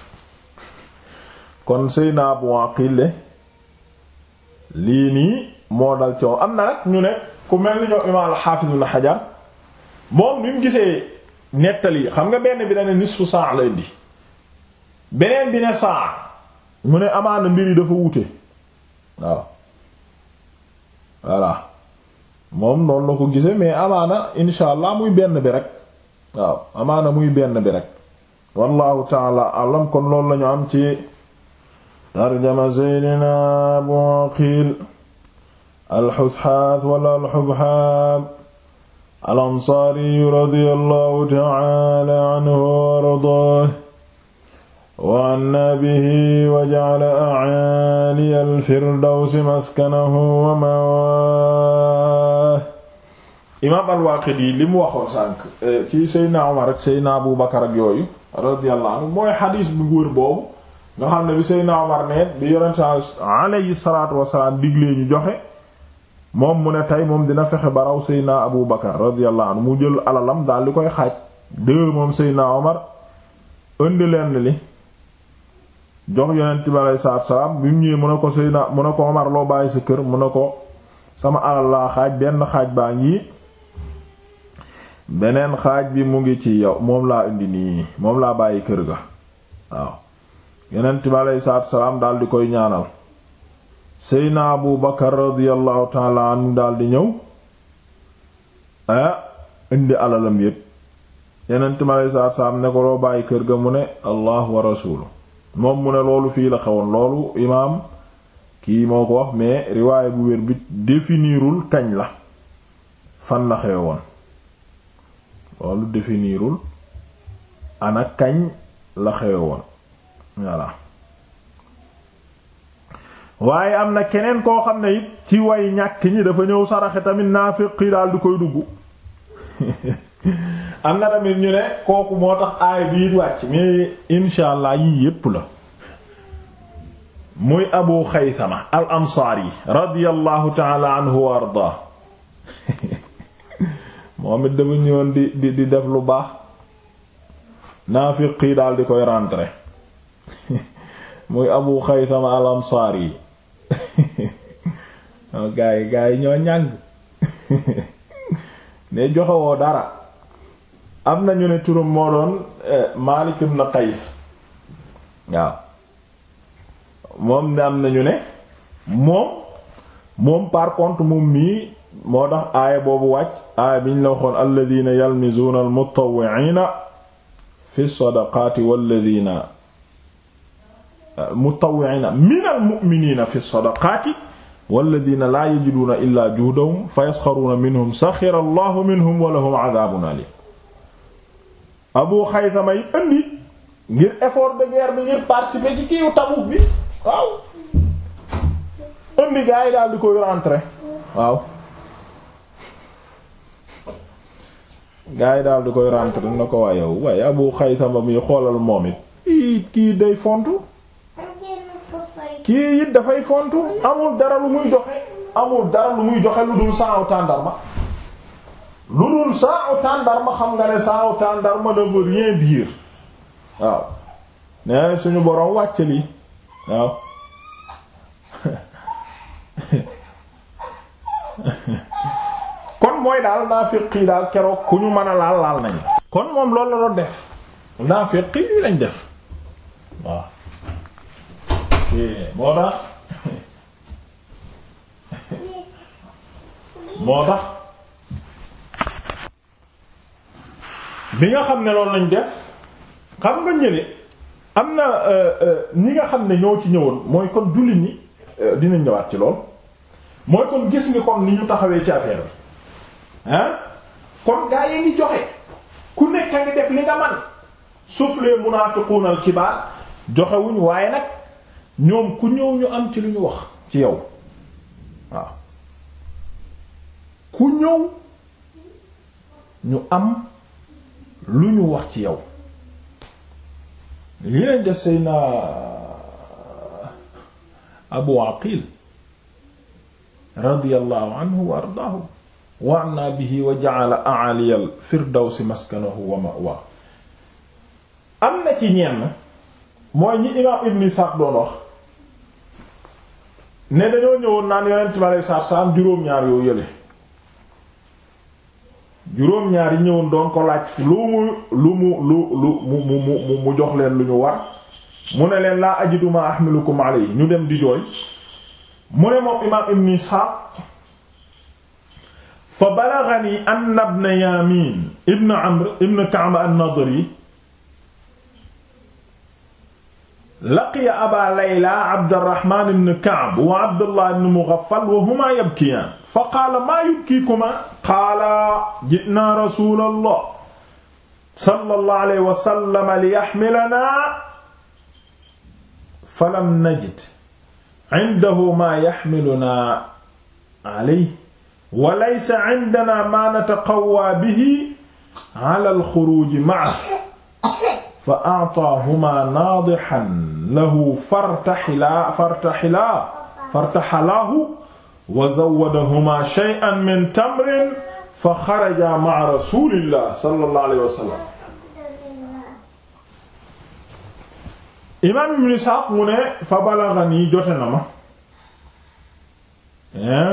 [SPEAKER 1] kon sëy naa bu waqile lii nii moo dal coow am na nag ñu ne ku mel ni ñoom imaam al-Haafizul Hajar moom ni gisee nettali xam nga benn bi na ne nisfu saa la indi beneen bi ne saa mu ne amaana mbir yi dafa wuute waaw voilà moom noonu la ko gise mais amaana insha allah muy benn bi rek waaw amaana muy benn bi rek wallahu taala alam kon loolu lañu am ci tarjama seydina abu aqil alxutxaat wala alxubxaab al ansaari radiyallahu taala anhu wa ardaahu wa anna bihi wa ja'ala a'aliya al-firdawsi li mu waxoon sànq eh, ci Seydina Abu Bakar ak yooyu radiyallahu mooy xadiis bu wër boobu nga xam ne bi Seydina Omar ne bi yonent diglee ñu joxe moom mu ne tey moom dina fexe ba raw Seydina Abu Bakar radiyallahu anhu mu jël alalam daal li koy xaaj deux moom Seydina Omar indi leen li jox yonent bi aleyhi salaatu salaam bi mu ñëwee mu ne ko Seydina mu ne ko Omar bàyyi sa kër mu ne ko sama alal laa xaaj benn xaaj baa ngi beneen xaaj bi mu ngi ci yow moom laa indi nii moom laa bàyyi kër ga waaw yonent bi aleyhi salaatu salaam daal di koy ñaanal Seydina Abu Bakar radiyallahu taala anhu daal di ñëw ah indi alalam yépp yonent bi aleyhi salaatu salaam ne ko loo bàyyi kër ga mu ne Allah wa rasuluhu moom mu ne loolu fii la xewoon loolu imaam kii moo ko wax mais riwaay bu wér bi définirul kañ la fan la xewoon loolu définirul ana kañ la xewoon waaye am na keneen koo xam ne it ci way ñàkk ñi dafa ñëw saraxe tamit naafiq yi daal di koy dugg <laughs> am na ñu ne kooku moo tax aay bii wàcc mais insha yii yépp la muy abu xaysama al ansaari radiyallahu taala anhu wa ardaa <laughs> moom it dafa ñëwoon di di def lu baax naafiq yi daal di koy rentré <laughs> muy abu xaysama al ansaari gaay <laughs> gaay ñoo ñàng ne joxewoo dara am na ñu ne turam moo doon eh, Malik ibn Qays waaw moom ne am na ñu ne moom moom par contre moom mii moo tax aaya boobu wàcc aaya bi ñu la waxoon alladina yalmizuuna almutawwi'ina fi sadaqaati walladina eh, mutawwi'ina min almu'minina fi sadaqaati walladina laa yajiduuna illaa juhdahum fa yasxaruuna minhum saxira allahu minhum wa lahum adaabun aliim Abu Xaysama yi indi ngir effort de guerre bi ngir participer ci kiiw Tabuk bi waaw indi gaa yi daal di koy rentrer waaw gaa yi daal di koy rentrer na ko waaye yow waaye Abu Xaysama mi xoolal moom it it kii day fontu kii it dafay fontu amul dara lu muy joxe amul dara lu muy joxe lu dul saaw tàndarma lu dul saa u tàndarma xam nga ne saa u tàndarma ne veut rien dire waaw nee suñu boroom wàcc li waaw kon mooy daal naafiq yi daal keroog ku ñu mën a laal laal nañ kon moom loolu la doon def naafiq yi lañ def waaw eh, moo tax <laughs> moo tax bi nga xam ne loolu lañ def xam nga ñële am na euh, euh, ñi nga xam ne ñoo ci ñëwoon mooy kon jullit ñi euh, dinañ ñëwaat ci lool mooy kon gis nga kon ni ñu taxawee ci affaire bi ah kon gaa yi ngi joxe ku nekk ngi def li nga man sauf les munaafiquun al kibaar joxewuñ waaye nag ñoom ku ñëw ñu am ci lu ñu wax ci yow waaw ku ñëw ñu am lu ñu wax ci yow li leen def Seydina Abu Aqil radiyallahu anhu wa ardaahu wa anna bihi wa ja'ala a'aliyal firdawsi maskanahu wa ma'wa am na ci ñenn mooy ñi imaam Ibn Sa'd doon wax ne dañoo ñëwoon naan yonent bi alayhi salaam juróom-ñaar yoo yële juróom-ñaar yi ñëwoon doon ko laaj lu mu lu mu mu mu mu jox leen lu ñu war mu ne leen laa ajiduma ahmilukum alay ñu dem di jooy mu ne moom imaam ibn Isxaaq fa balaghani anna ibn Yaamin ibn Amr ibn Ka'b an-Nadri laqiya Abaa Layla Abdurrahmaan ibn Ka'b wa Abdullah ibn Mughaffal wa humaa yabkiyaan fa qaala maa yubkiikumaa qaala ji'naa rasuulallah sallallahu alayhi wa sallam liyaxmilanaa falam najid indahu maa yaxmilunaa alayhi wa laysa indanaa maa nataqawwaa bihi alal xuruuji ma'ahu fa a'taahumaa naadixan lahu fartaxilaa fartaxilaa fartaxalaahu wa zawwadahuma shay'an min tamrin fa xaraja ma'a rasulillah sallallahu alayhi wa sallam imaam ibn Isxaaq mu ne fa balaghani jote na ma eh?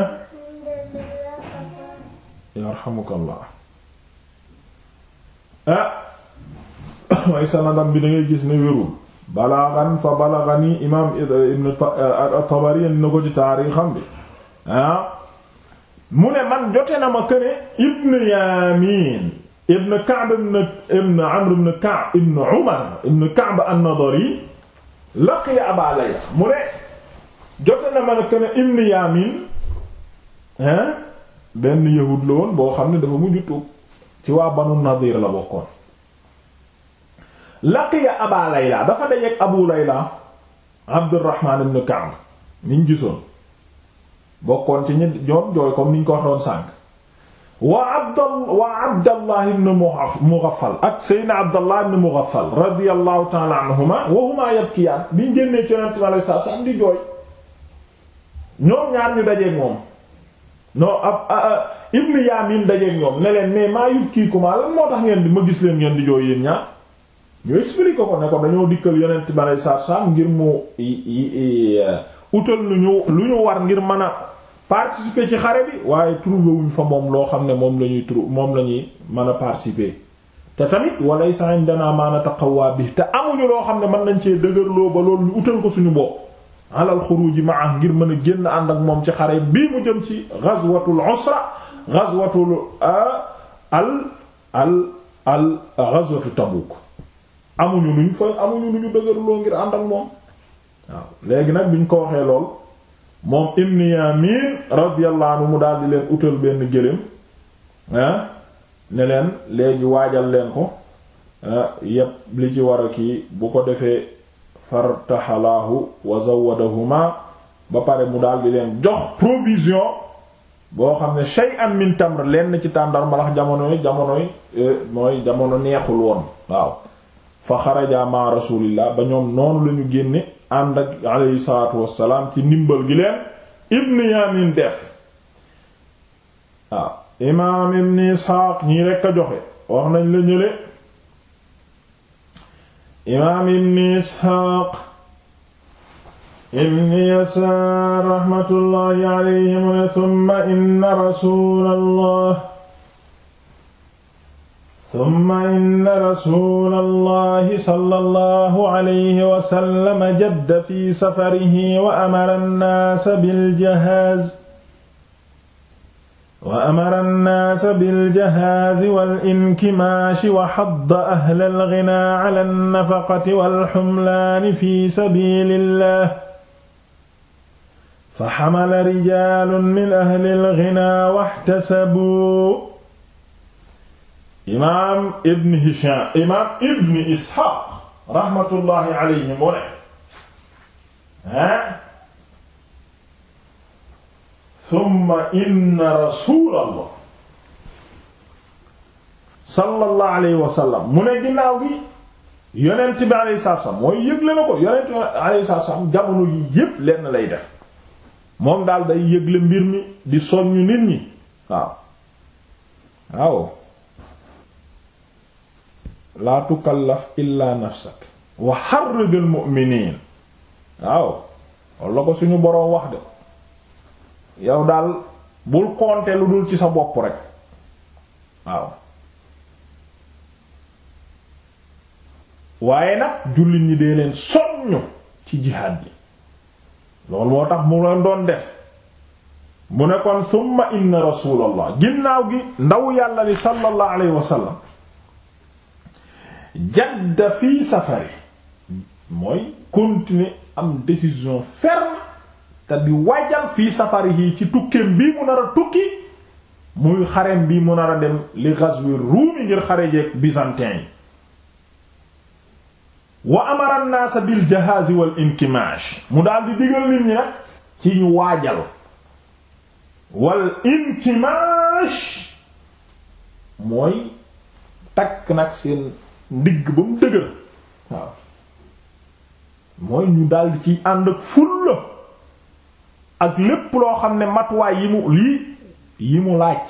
[SPEAKER 1] yarhamukallah ah eh? mooy <coughs> sanadam bi da ngay gis ne wérul balaghan fa balaghani imaam ibn eh, Tabari na ko ci taarixam bi mu ne man jote na ma këne ibn Yamin ibn Ka'b ibn Amr ibn Ka'b ibn Umar ibn Ka'b an-Nadari laqiya Aba Layla mu ne jote na ma ne këne ibn Yamin benn yahud la boo xam ne dafa mujj tuub ci waa Banu Nadir la bokkoon laqiya Aba Layla dafa dajeek Abu Layla Abdurrahman ibn Ka'b niñ gisoon bokkoon ci ñi ñoom jooy comme niñ ko waxoon sànq wa abda wa abdallah ibn mughaffal ak saydna abdallah ibn mughaffal radiyallahu ta'ala anhuma wa huma yabkiyaan biñ génnee ci yonent bi sallallahu alayhi di jooy ñoom ñaar ñu dajeeg moom non ibn yamin dajeeg ñoom ne leen mais maa yubkiikumaa lan moo tax ngeen di ma gis leen ngeen di jooy yéen ñaar ñu expliqué ko ne ko dañoo dikkal yonent bi sallallahu alayhi ngir mu utal lu ñu lu ñu war ngir mën a participer ci xare bi waaye trouver wuñ fa moom loo xam ne moom lañuy trouver moom lañuy mën a participer te tamit walay saañ danaa maana taqawwa bi te amuñu loo xam ne mën nañ cee dëgërloo ba loolu ñu utal ko suñu bopp alal xuruji maa ah ngir mën a génn ànd ak moom ci xare bii mu jëm ci ghazwatul usra ghazwatul al al al ghazwatu tabuk amuñu luñ fa amuñu lu ñu dëgërloo ngir ànd ak moom waaw léegi nag bi ñu ko waxee lool moom ibn Yamin radiyallahu anhu mu daal di leen utal benn gëléem ah, ne leen léegi waajal leen ko ah, yépp li ci war a kii bu ko defee fartaxalaahu wa zawadahuma ba pare mu daal di leen jox provision boo xam ne shay'an min tamr lenn ci tàndarma ndax jamono yi jamono yi eh, mooy jamono neexul woon waaw fa xaraja ma rasulillah ba ñoom noonu lañu génne ànd ak aleyhi salaatu wassalaam ci ndimbal gi leen ibn yaamin def waaw ah, imaam ibn isxaaq ñii rekk a joxe wax nañ la ñële imaam ibn isxaaq ibn yasaar raxmatullaahi aleyhi mu ne summa inna rasuulallah summa inna rasuulallahi sallallahu alayhi wa sallam jadda fi safarihi wa amara nnaasa bil jahaaz wa amara nnaasa bil jahaazi wal inkimaashi wa hadda ahlal ghinaa ala nnafaqati wal humlaani fi sabiilillah fa hamala rijaalun min ahlil ghinaa wahtasabuu imaam ibn Hisham imaam ibn Ishaq rahmatullahi alayhi mu ne ah summa inna rasulallah mu ne ginnaaw gi yonent bi alayhi salaatu mooy yëgle na ko yonent bi alayhi salaatu salaam jamono gi yépp lenn lay def moom daal day yëgle mbir mi di soññu nit ñi waaw waaw laa tukallaf illa nafsak wa harridil mu'miniin waaw loolu ko suñu boroom wax de yow daal bul compter lu dul ci sa bopp rekk waaw waaye nag jullit ñi dee leen soññu ci jihaad bi loolu moo tax mu leen doon def mu ne kon summa inna rasulallah ginnaaw gi ndaw yàlla li sallallahu alayhi wa jadda fii safari mooy continuer am décision ferme te di waajal fii safari yi ci tukkeem bi mu nar a tukki muy xarem bi mu nar a dem li ghazwi ruumi ngir xare jeeg byzantin yi wa amara an-naas bil jahaaz wal inkimash mu daal di digal nit ñi nag ci ñu waajal wal inkimash mooy takk nag seen ndigg ba mu dëgër waaw mooy ñu daldi ciy ànd ak fulla ak lépp loo xam ne matuwaay yi mu lii yi mu laaj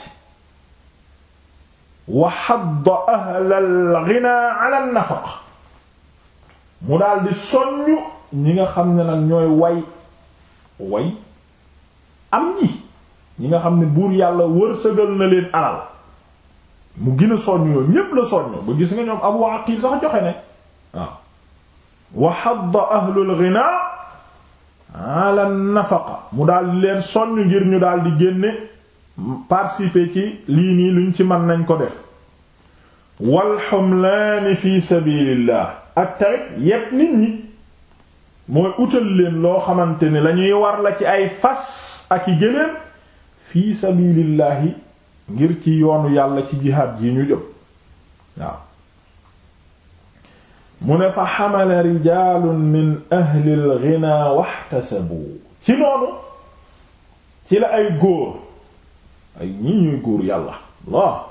[SPEAKER 1] wa xadda ahlal ghina ala mu daldi soññ ñi nga xam ne nag ñooy way way am ñi ñi nga xam ne buur yàlla wërsëgal na leen alal mu gën a soññ yooyu ñépp la soññ ba gis nga ñoom Abu Aqil sax joxe ne waaw wa hadda ahlul ghina nafaqa mu daal leen soññ ngir ñu daal di génne participer ci lii nii luñ ci man nañ ko def wal xumlaani fi sabilillah ak tamit yépp nit ñi mooy utal leen loo xamante ni lañuy war la ci ay fas ak i géléem fi sabilillahi ngir ci yoonu yàlla ci jihaad yi ñu jëm waaw mu ne fa xamala rijaalun min ahlil ghina waxtasabu ci noonu ci la ay góor ay ñi ñuy góor yàlla Allah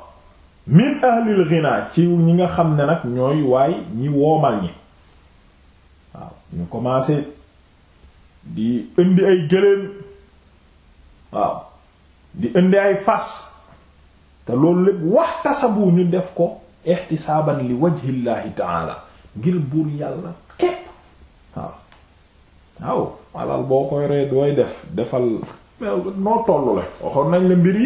[SPEAKER 1] min ahlil ghina ci ñi nga xam ne nag ñooy waay ñi woomal ñi waaw ñu commencé di indi ay gëléem waaw di indi ay fas te loolu wa waxtasabu ñu def ko ihtisaaban li wajhillahi taala ngir buur yàlla képp waaw alal boo koy ree dooy def defal noo tollu la waxoon nañ la mbir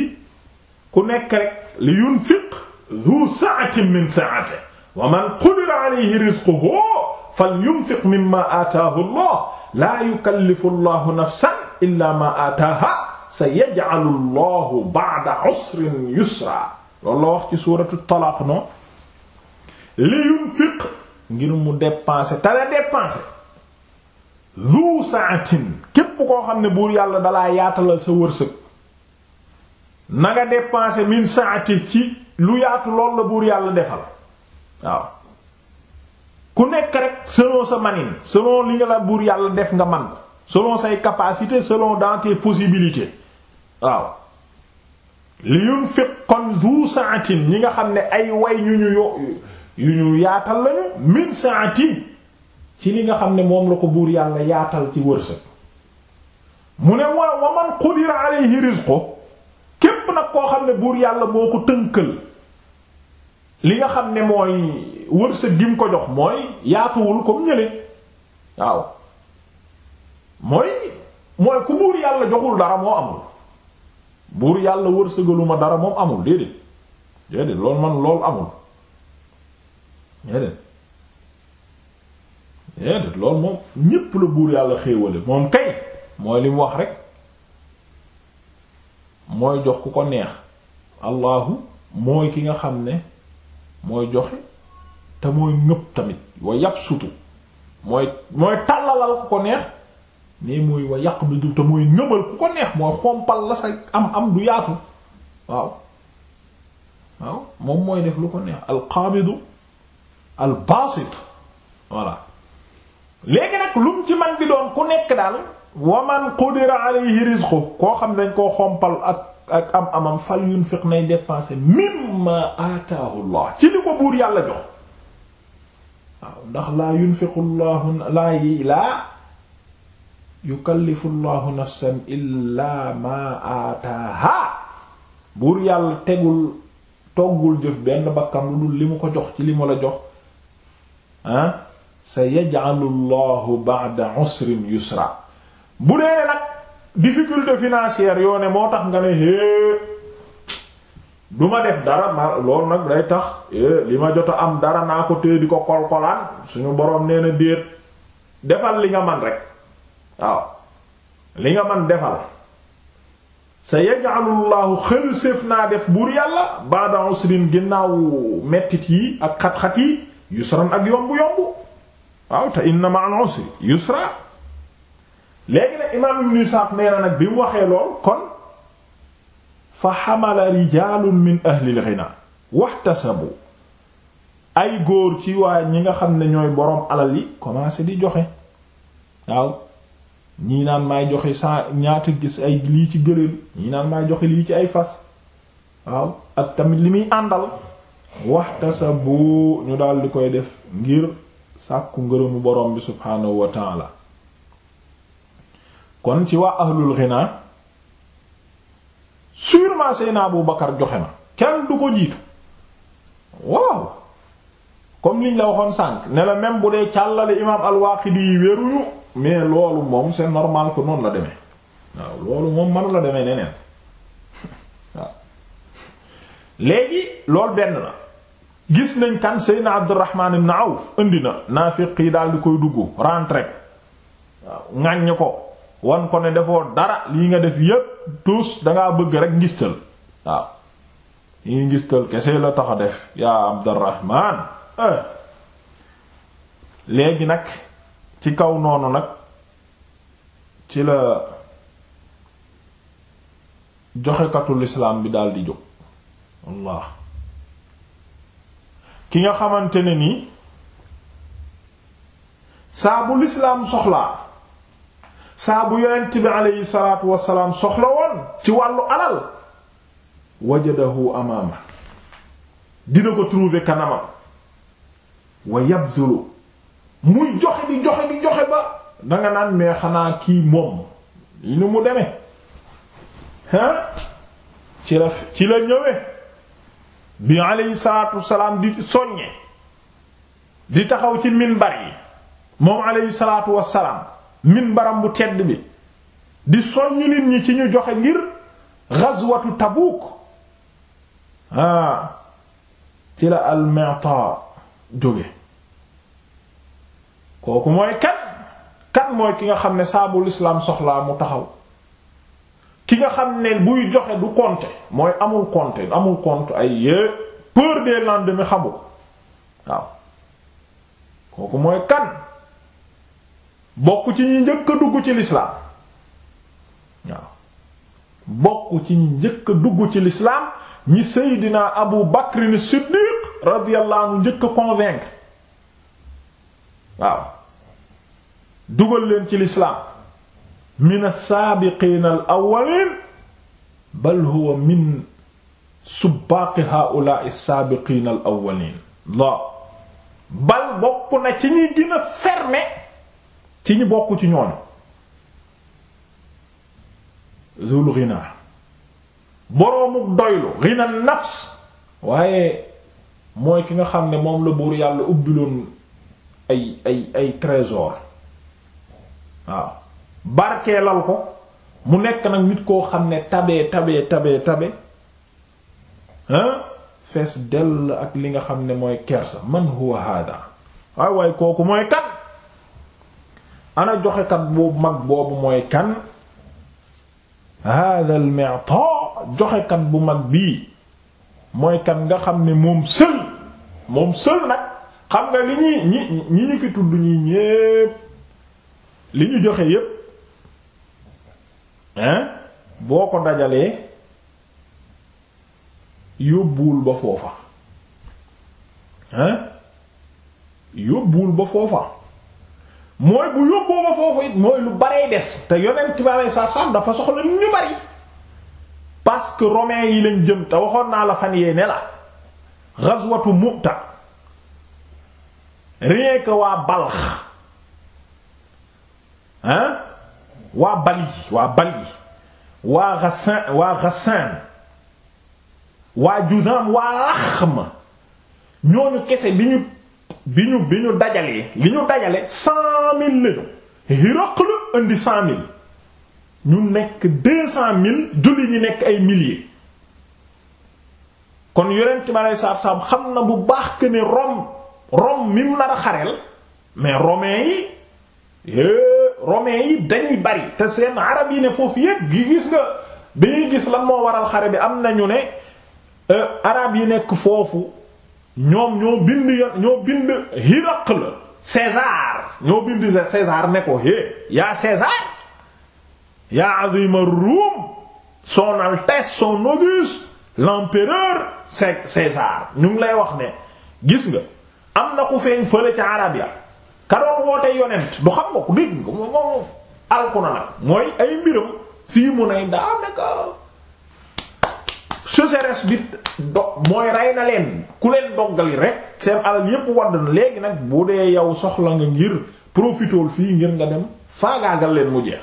[SPEAKER 1] ku nekk rek li yunfiq zu min sa'ati wa man qudira alayhi rizquhu falyunfiq mimma ataahu allah la yukallifu allahu nafsan illa ma ataaha sa yaj'alu llahu ba'da usrin yusra loolu la wax ci suuratu talaaq non li yunfiq ngir mu dépenser tala dépenser zu sa'atin képp koo xam ne buur yàlla dalaa yaatalal sa wërsëg na nga dépenser min sa'ati ci lu yaatu lool la buur yàlla defal waaw ku nekk rek selon sa manin selon li nga la buur yàlla def nga man ko selon say capacités selon dans tes waaw li yunfiq kon du saatin ñi nga xam ne ay way ñu ñu yo yu ñu yaatal lañu min saatin ci li nga xam ne moom la ko buur yàlla yaatal ci wërsëg mu ne waa wa man qudira alayhi rizqo képp nag koo xam ne buur yàlla boo ko tënkal li nga xam ne mooy wërsëg gi ko jox mooy yaatuwul comme ñële waaw mooy mooy ku buur yàlla joxul dara moo amul buur yàlla wërsëgaluma dara moom amul déedéet déedéet loolu man loolu amul déedéet déedéet loolu moom ñépp la buur yàlla xéewale moom kay mooy li wax rek mooy jox ku ko neex allahu mooy ki nga xam ne mooy joxe te mooy ñëpp tamit wa yabsutu mooy mooy tàllalal ku ko neex mais mooy wa yàq bi du te mooy ngëbal ku ko neex mooy xompal la sa am am du yaatu waaw moom mooy def lu ko neex al qabidu al basit voilà léegi nag lum ci man bi doon ku nekk daal waman qudira alayhi rizqu koo xam dañ koo xompal ak ak am amam fal yunfiq nay dépenser mimma ataahu llah ci li ko buur yàlla jox waaw ndax laa yunfiqu llahu laa yi laa yukallifu llahu nafsan illa ma aataaha buur yàlla tegul toggul jëf benn bakkam lu dul li mu ko jox ci li mu la jox ah sa yaj'alu llahu ba'da usrin yusra bu dee nag difficulté financière yoo moo tax nga ne hé du ma def dara ma loolu nag day tax li ma jot am dara naa ko téye di ko kolkolaan suñu boroom nee na déet defal li nga man rek waaw li nga man defal sa yaj'alullahu xel séef naa def buur yàlla ba'da usrin ginnaaw mettit yi ak xat-xat yi yusran ak yombu yombu waaw te inna ma'al usri yusra léegi nag imaam ibn Isaaq nee bi mu waxee lool kon fa xamala rijaalun min ahlil ghinaa waxtasabu ay góor ci waa ñi nga xam ne ñooy boroom alal yi commencé di joxe waaw ñii naan maay joxe saa ñaata gis ay lii ci gëléem ñii naan maay joxe lii ci ay fas waaw ak tamit li muy àndal waxtasabu ñu daal koy def ngir sàkku ngërëmu borom bi subhaanahu wa taala kon ci waa ahlul ghina sûrement Seydina Abu Bakar joxe na kenn du ko jiitu waaw comme liñ la waxoon sànq ne la même bu dee càllale imaam al-Waaqidi wéruñu mais loolu moom c'est normal que noonu la deme waaw loolu moom manu la neneen waaw léegi loolu benn na gis nañ kan Seydina Abdurrahman ibn Awf indi na naafiq yi daal di koy dugg rentré waaw ŋàññ ko wan ko ne defoo dara lii nga def yépp tous dangaa bëgg rek ngistal waaw ngi ngistal kese la tax a def yaa Abdurrahman eh. léegi nag ci kaw noonu nag ci la joxekatu lislaam bi daldi jóg Allah ki nga xamante ne nii saa bu lislaam soxlaa saa bu yonent bi soxla ci wàllu alal wajadahu amaama dina ko trouver kanamam wa yabdulu muy joxe di joxe di joxe ba danga naan mais xanaa kii moom li nu mu demee ah ci la ci la ñëwee bi alayhi salaatu wasalaam di soññe di taxaw ci minbar yi moom alayhi salaatu wasalaam minbaram bu tedd bi di soññu nit ñi ci ñu joxe ngir ghazwatu Tabuk ah ci la al jóge kooku mooy kan kan mooy ki nga xam ne saabu lislaam soxlaa mu taxaw ki nga xam ne buy joxe du compter mooy amul compter amul compte ay yee peur des lendemains xamul waaw kooku mooy kan bokk ci ñi njëkk a dugg ci lislaam waaw bokk ci ñi njëkk dugg ci lislaam ñi Seydina Abu Bakr ni Siddiq njëkk a waaw dugal leen ci lislaam min as-saabiqiin al-awwaliin bal huwa min subbaaqi haa'ulaa'i as-saabiqiin al bal bokk na ci ñi dina a ci ñi bokk ci ñoon zul ghina boroomu doylu ghina nafs waaye mooy ki nga xam ne moom la buur yàlla ubbiloon ay ay ay trésor waaw barkeelal ko mu nekk nag nit koo xam ne tabee tabee tabee tabe hein fees dell ak li nga xam ne mooy kersa man huwa hada waay waay kooku mooy kan ana joxekat boobu mag boobu mooy kan hada al mi'ta joxekat bu mag bii mooy kan nga xam ne moom sël moom sël nag xam nga li ñuy ñi ñi ñu fi tudd ñi ñépp li ñu joxe yépp hein boo ko dajalee yóbbuwul ba foofa hein yóbbuwul ba foofa mooy bu yóbboo ba foofa it mooy lu baree des te yonent bi alei satu salaam dafa soxla nit ñu bari parce que romains yi lañ jëm te waxoon naa la fan yee ne la ghazwatu Mu'ta rien waa Balx hein waa Bali waa Bali waa Ghassan waa Ghassan waa Juzam waa Laxm ñooñu kese bi ñu bi ñu bi ñu dajalee li ñu dajale cent mille lañu Hiraql indi cent mille ñu nekk deux cent mille julli ñi nekk ay milliers kon yonent bi aleyhi salaatu xam na bu baax que ne Rome Rome mi mu na a xareel mais romains yi eh, romains yi dañuy bari te seen arab yi ne foofu yépp gi gis nga bi ñuy gis lan moo waral xare bi am nañu ne eh, arab yi nekk foofu ñoom ñoo bind ñoo bind Hiraql César ñoo bind César ne ko é eh, yaa César yaa azim ar-Rum son altesse son auguste l'empereur c'est ñu ngi lay wax ne gis nga am na ku feeñ fële ca Arabia ka doon woote yonent du xam nga ko dégg moom alku na nag mooy ay mbiram fii mu ne daanaka sécheresse bi mooy rey na leen ku leen doggali rek seen alal yépp wadd na léegi nag bu dee yow soxla nga ngir profitool fii ngir nga dem faagaagal leen mu jeex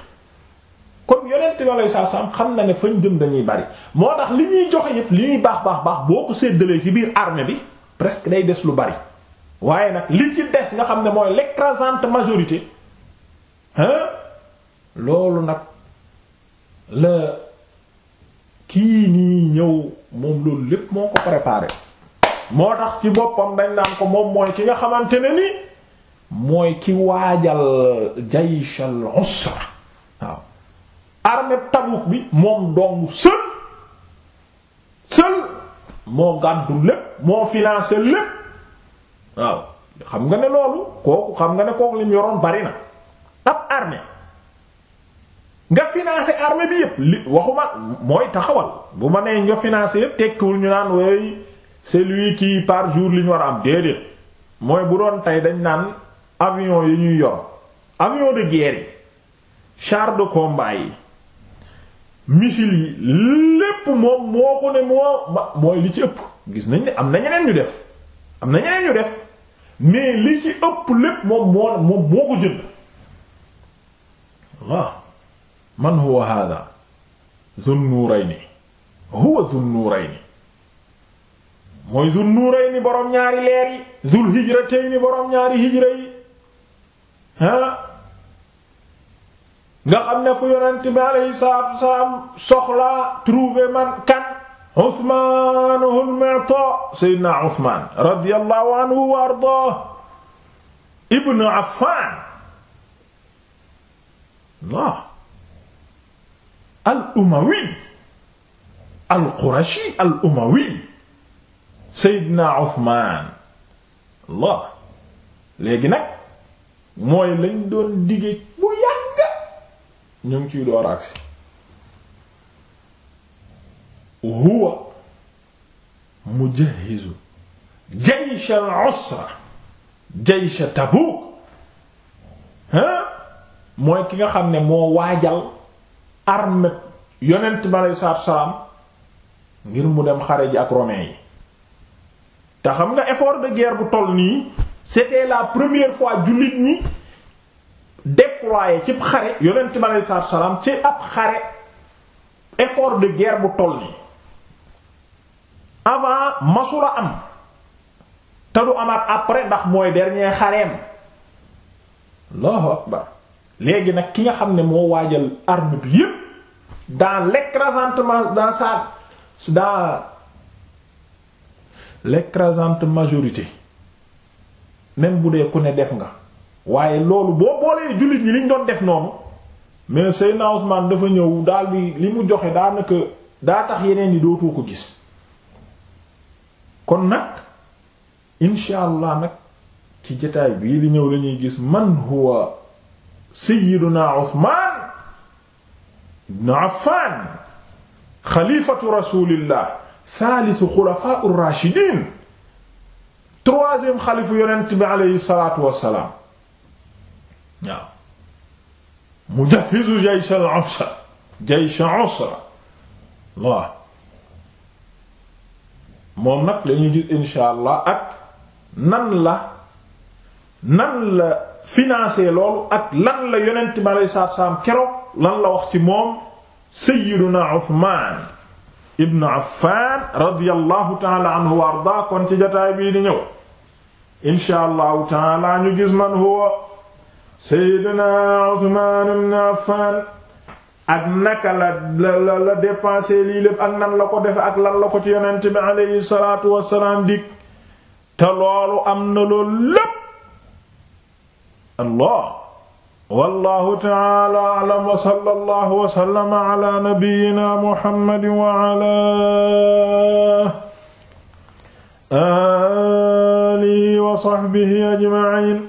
[SPEAKER 1] kon yonent bi aleyhi salaatu salaam xam na ne fañ jëm dañuy bari moo tax li ñuy joxe yépp li ñuy baax baax baax boo ko séddalee ci biir armée bi presque day des lu bari waaye nag li ci des nga xam ne mooy l'écrasante majorité hein loolu nag la kii nii ñëw moom loolu lépp moo ko préparé moo tax ci boppam dañ naan ko moom mooy ki nga xamante ne ni mooy ki waajal jaysh al usra waaw armée Tabuk bi moom dong seul seul moo gàddu lépp moo financé lépp waaw xam nga ne loolu kooku xam nga ne kooku lim yoroon bari na ab armée nga financé armée bi yëpp li waxuma mooy taxawal bu ma nee nga financé yëpp tekkiwul ñu naan way c'est lui qui par jour liñ war a am déedéet mooy bu doon tay dañ naan avion yi ñuy yor avion de guerre yi char de combat yi missile yi lépp moom moo ko ne moo mooy li ci ëpp gis nañ ne am na ñeneen ñu def am na ñeneen ñu def mais li ci ëpp lépp moom moo moom moo ko jënd man huwa hada Zun Nurayni huwa Zun Nurayni mooy Zun Nurayni boroom ñaari leer yi Zul Hijratayni boroom ñaari hijra yi ah nga xam ne fu yonent bi alayhi salaatu man kan Usmaan ibn Utaa Seydina Usmaan radiyallahu anhu wa ardaahu ibn Affaan al-Umawi al-Qurashi al-Umawi Seydina Usmaan Allah léegi nag mooy lañ doon dige bu yàgg ñu ngi ciy door agsi huwa mujahhizu jaysh al-usra jaysh Tabuk ah mooy ki nga xam ne moo waajal armée yonent bi aleyhi salaam ngir mu dem xare ji ak romain yi te xam nga effort de guerre bu toll nii c'était la première fois jullit ñi déployé cib xare yonent bi aleyhi salaam ci ab xare effort de guerre bu toll nii avant masula am te du amaat après ndax mooy dernier xareem allahu akbar léegi nag ki nga xam ne moo waajal arme bi yépp dans l'écrasante dans sa dans l'écrasante majorité même bu dee ku ne def nga waaye loolu boo boolee jullit ñi liñ doon def noonu mais Seydina Ousmane dafa ñëw daal li mu joxe daanaka daa tax yeneen yi dootoo ko gis kon nag insha allah nag ci jotaay bii di ñëw lañuy gis man huwa sayyiduna Uthman ibn Affan xalifatu rasulillah thalithu xulafaa ar-rashidin troisième xalifu yonent bi aleyhi salatu wassalaam waaw mujahhizu jaysh al-usra jaysh usra Allah moom nag lañuy gis insha allah ak nan la nan la financer loolu ak lan la yonent mi aleyhi salaatu salaam keroog lan la wax ci moom sayyiduna Uthman ibn Affan radiyallahu taala anhu wa ardaa kon ci jotaay bii di ñëw insha allahu taala ñu gis man huwa sayyiduna Uthman ibn Affan ak naka la la la dépensé lii lépp ak nan la ko defe ak lan la ko ci yonent bi aleyhi salaatu wassalaam dik te loolu am na loolu lépp allah wallahu taala alam wa sallallahu wa sallama ala nabiyyina muhammadin wa ala alihi wa sahbihi ajma'in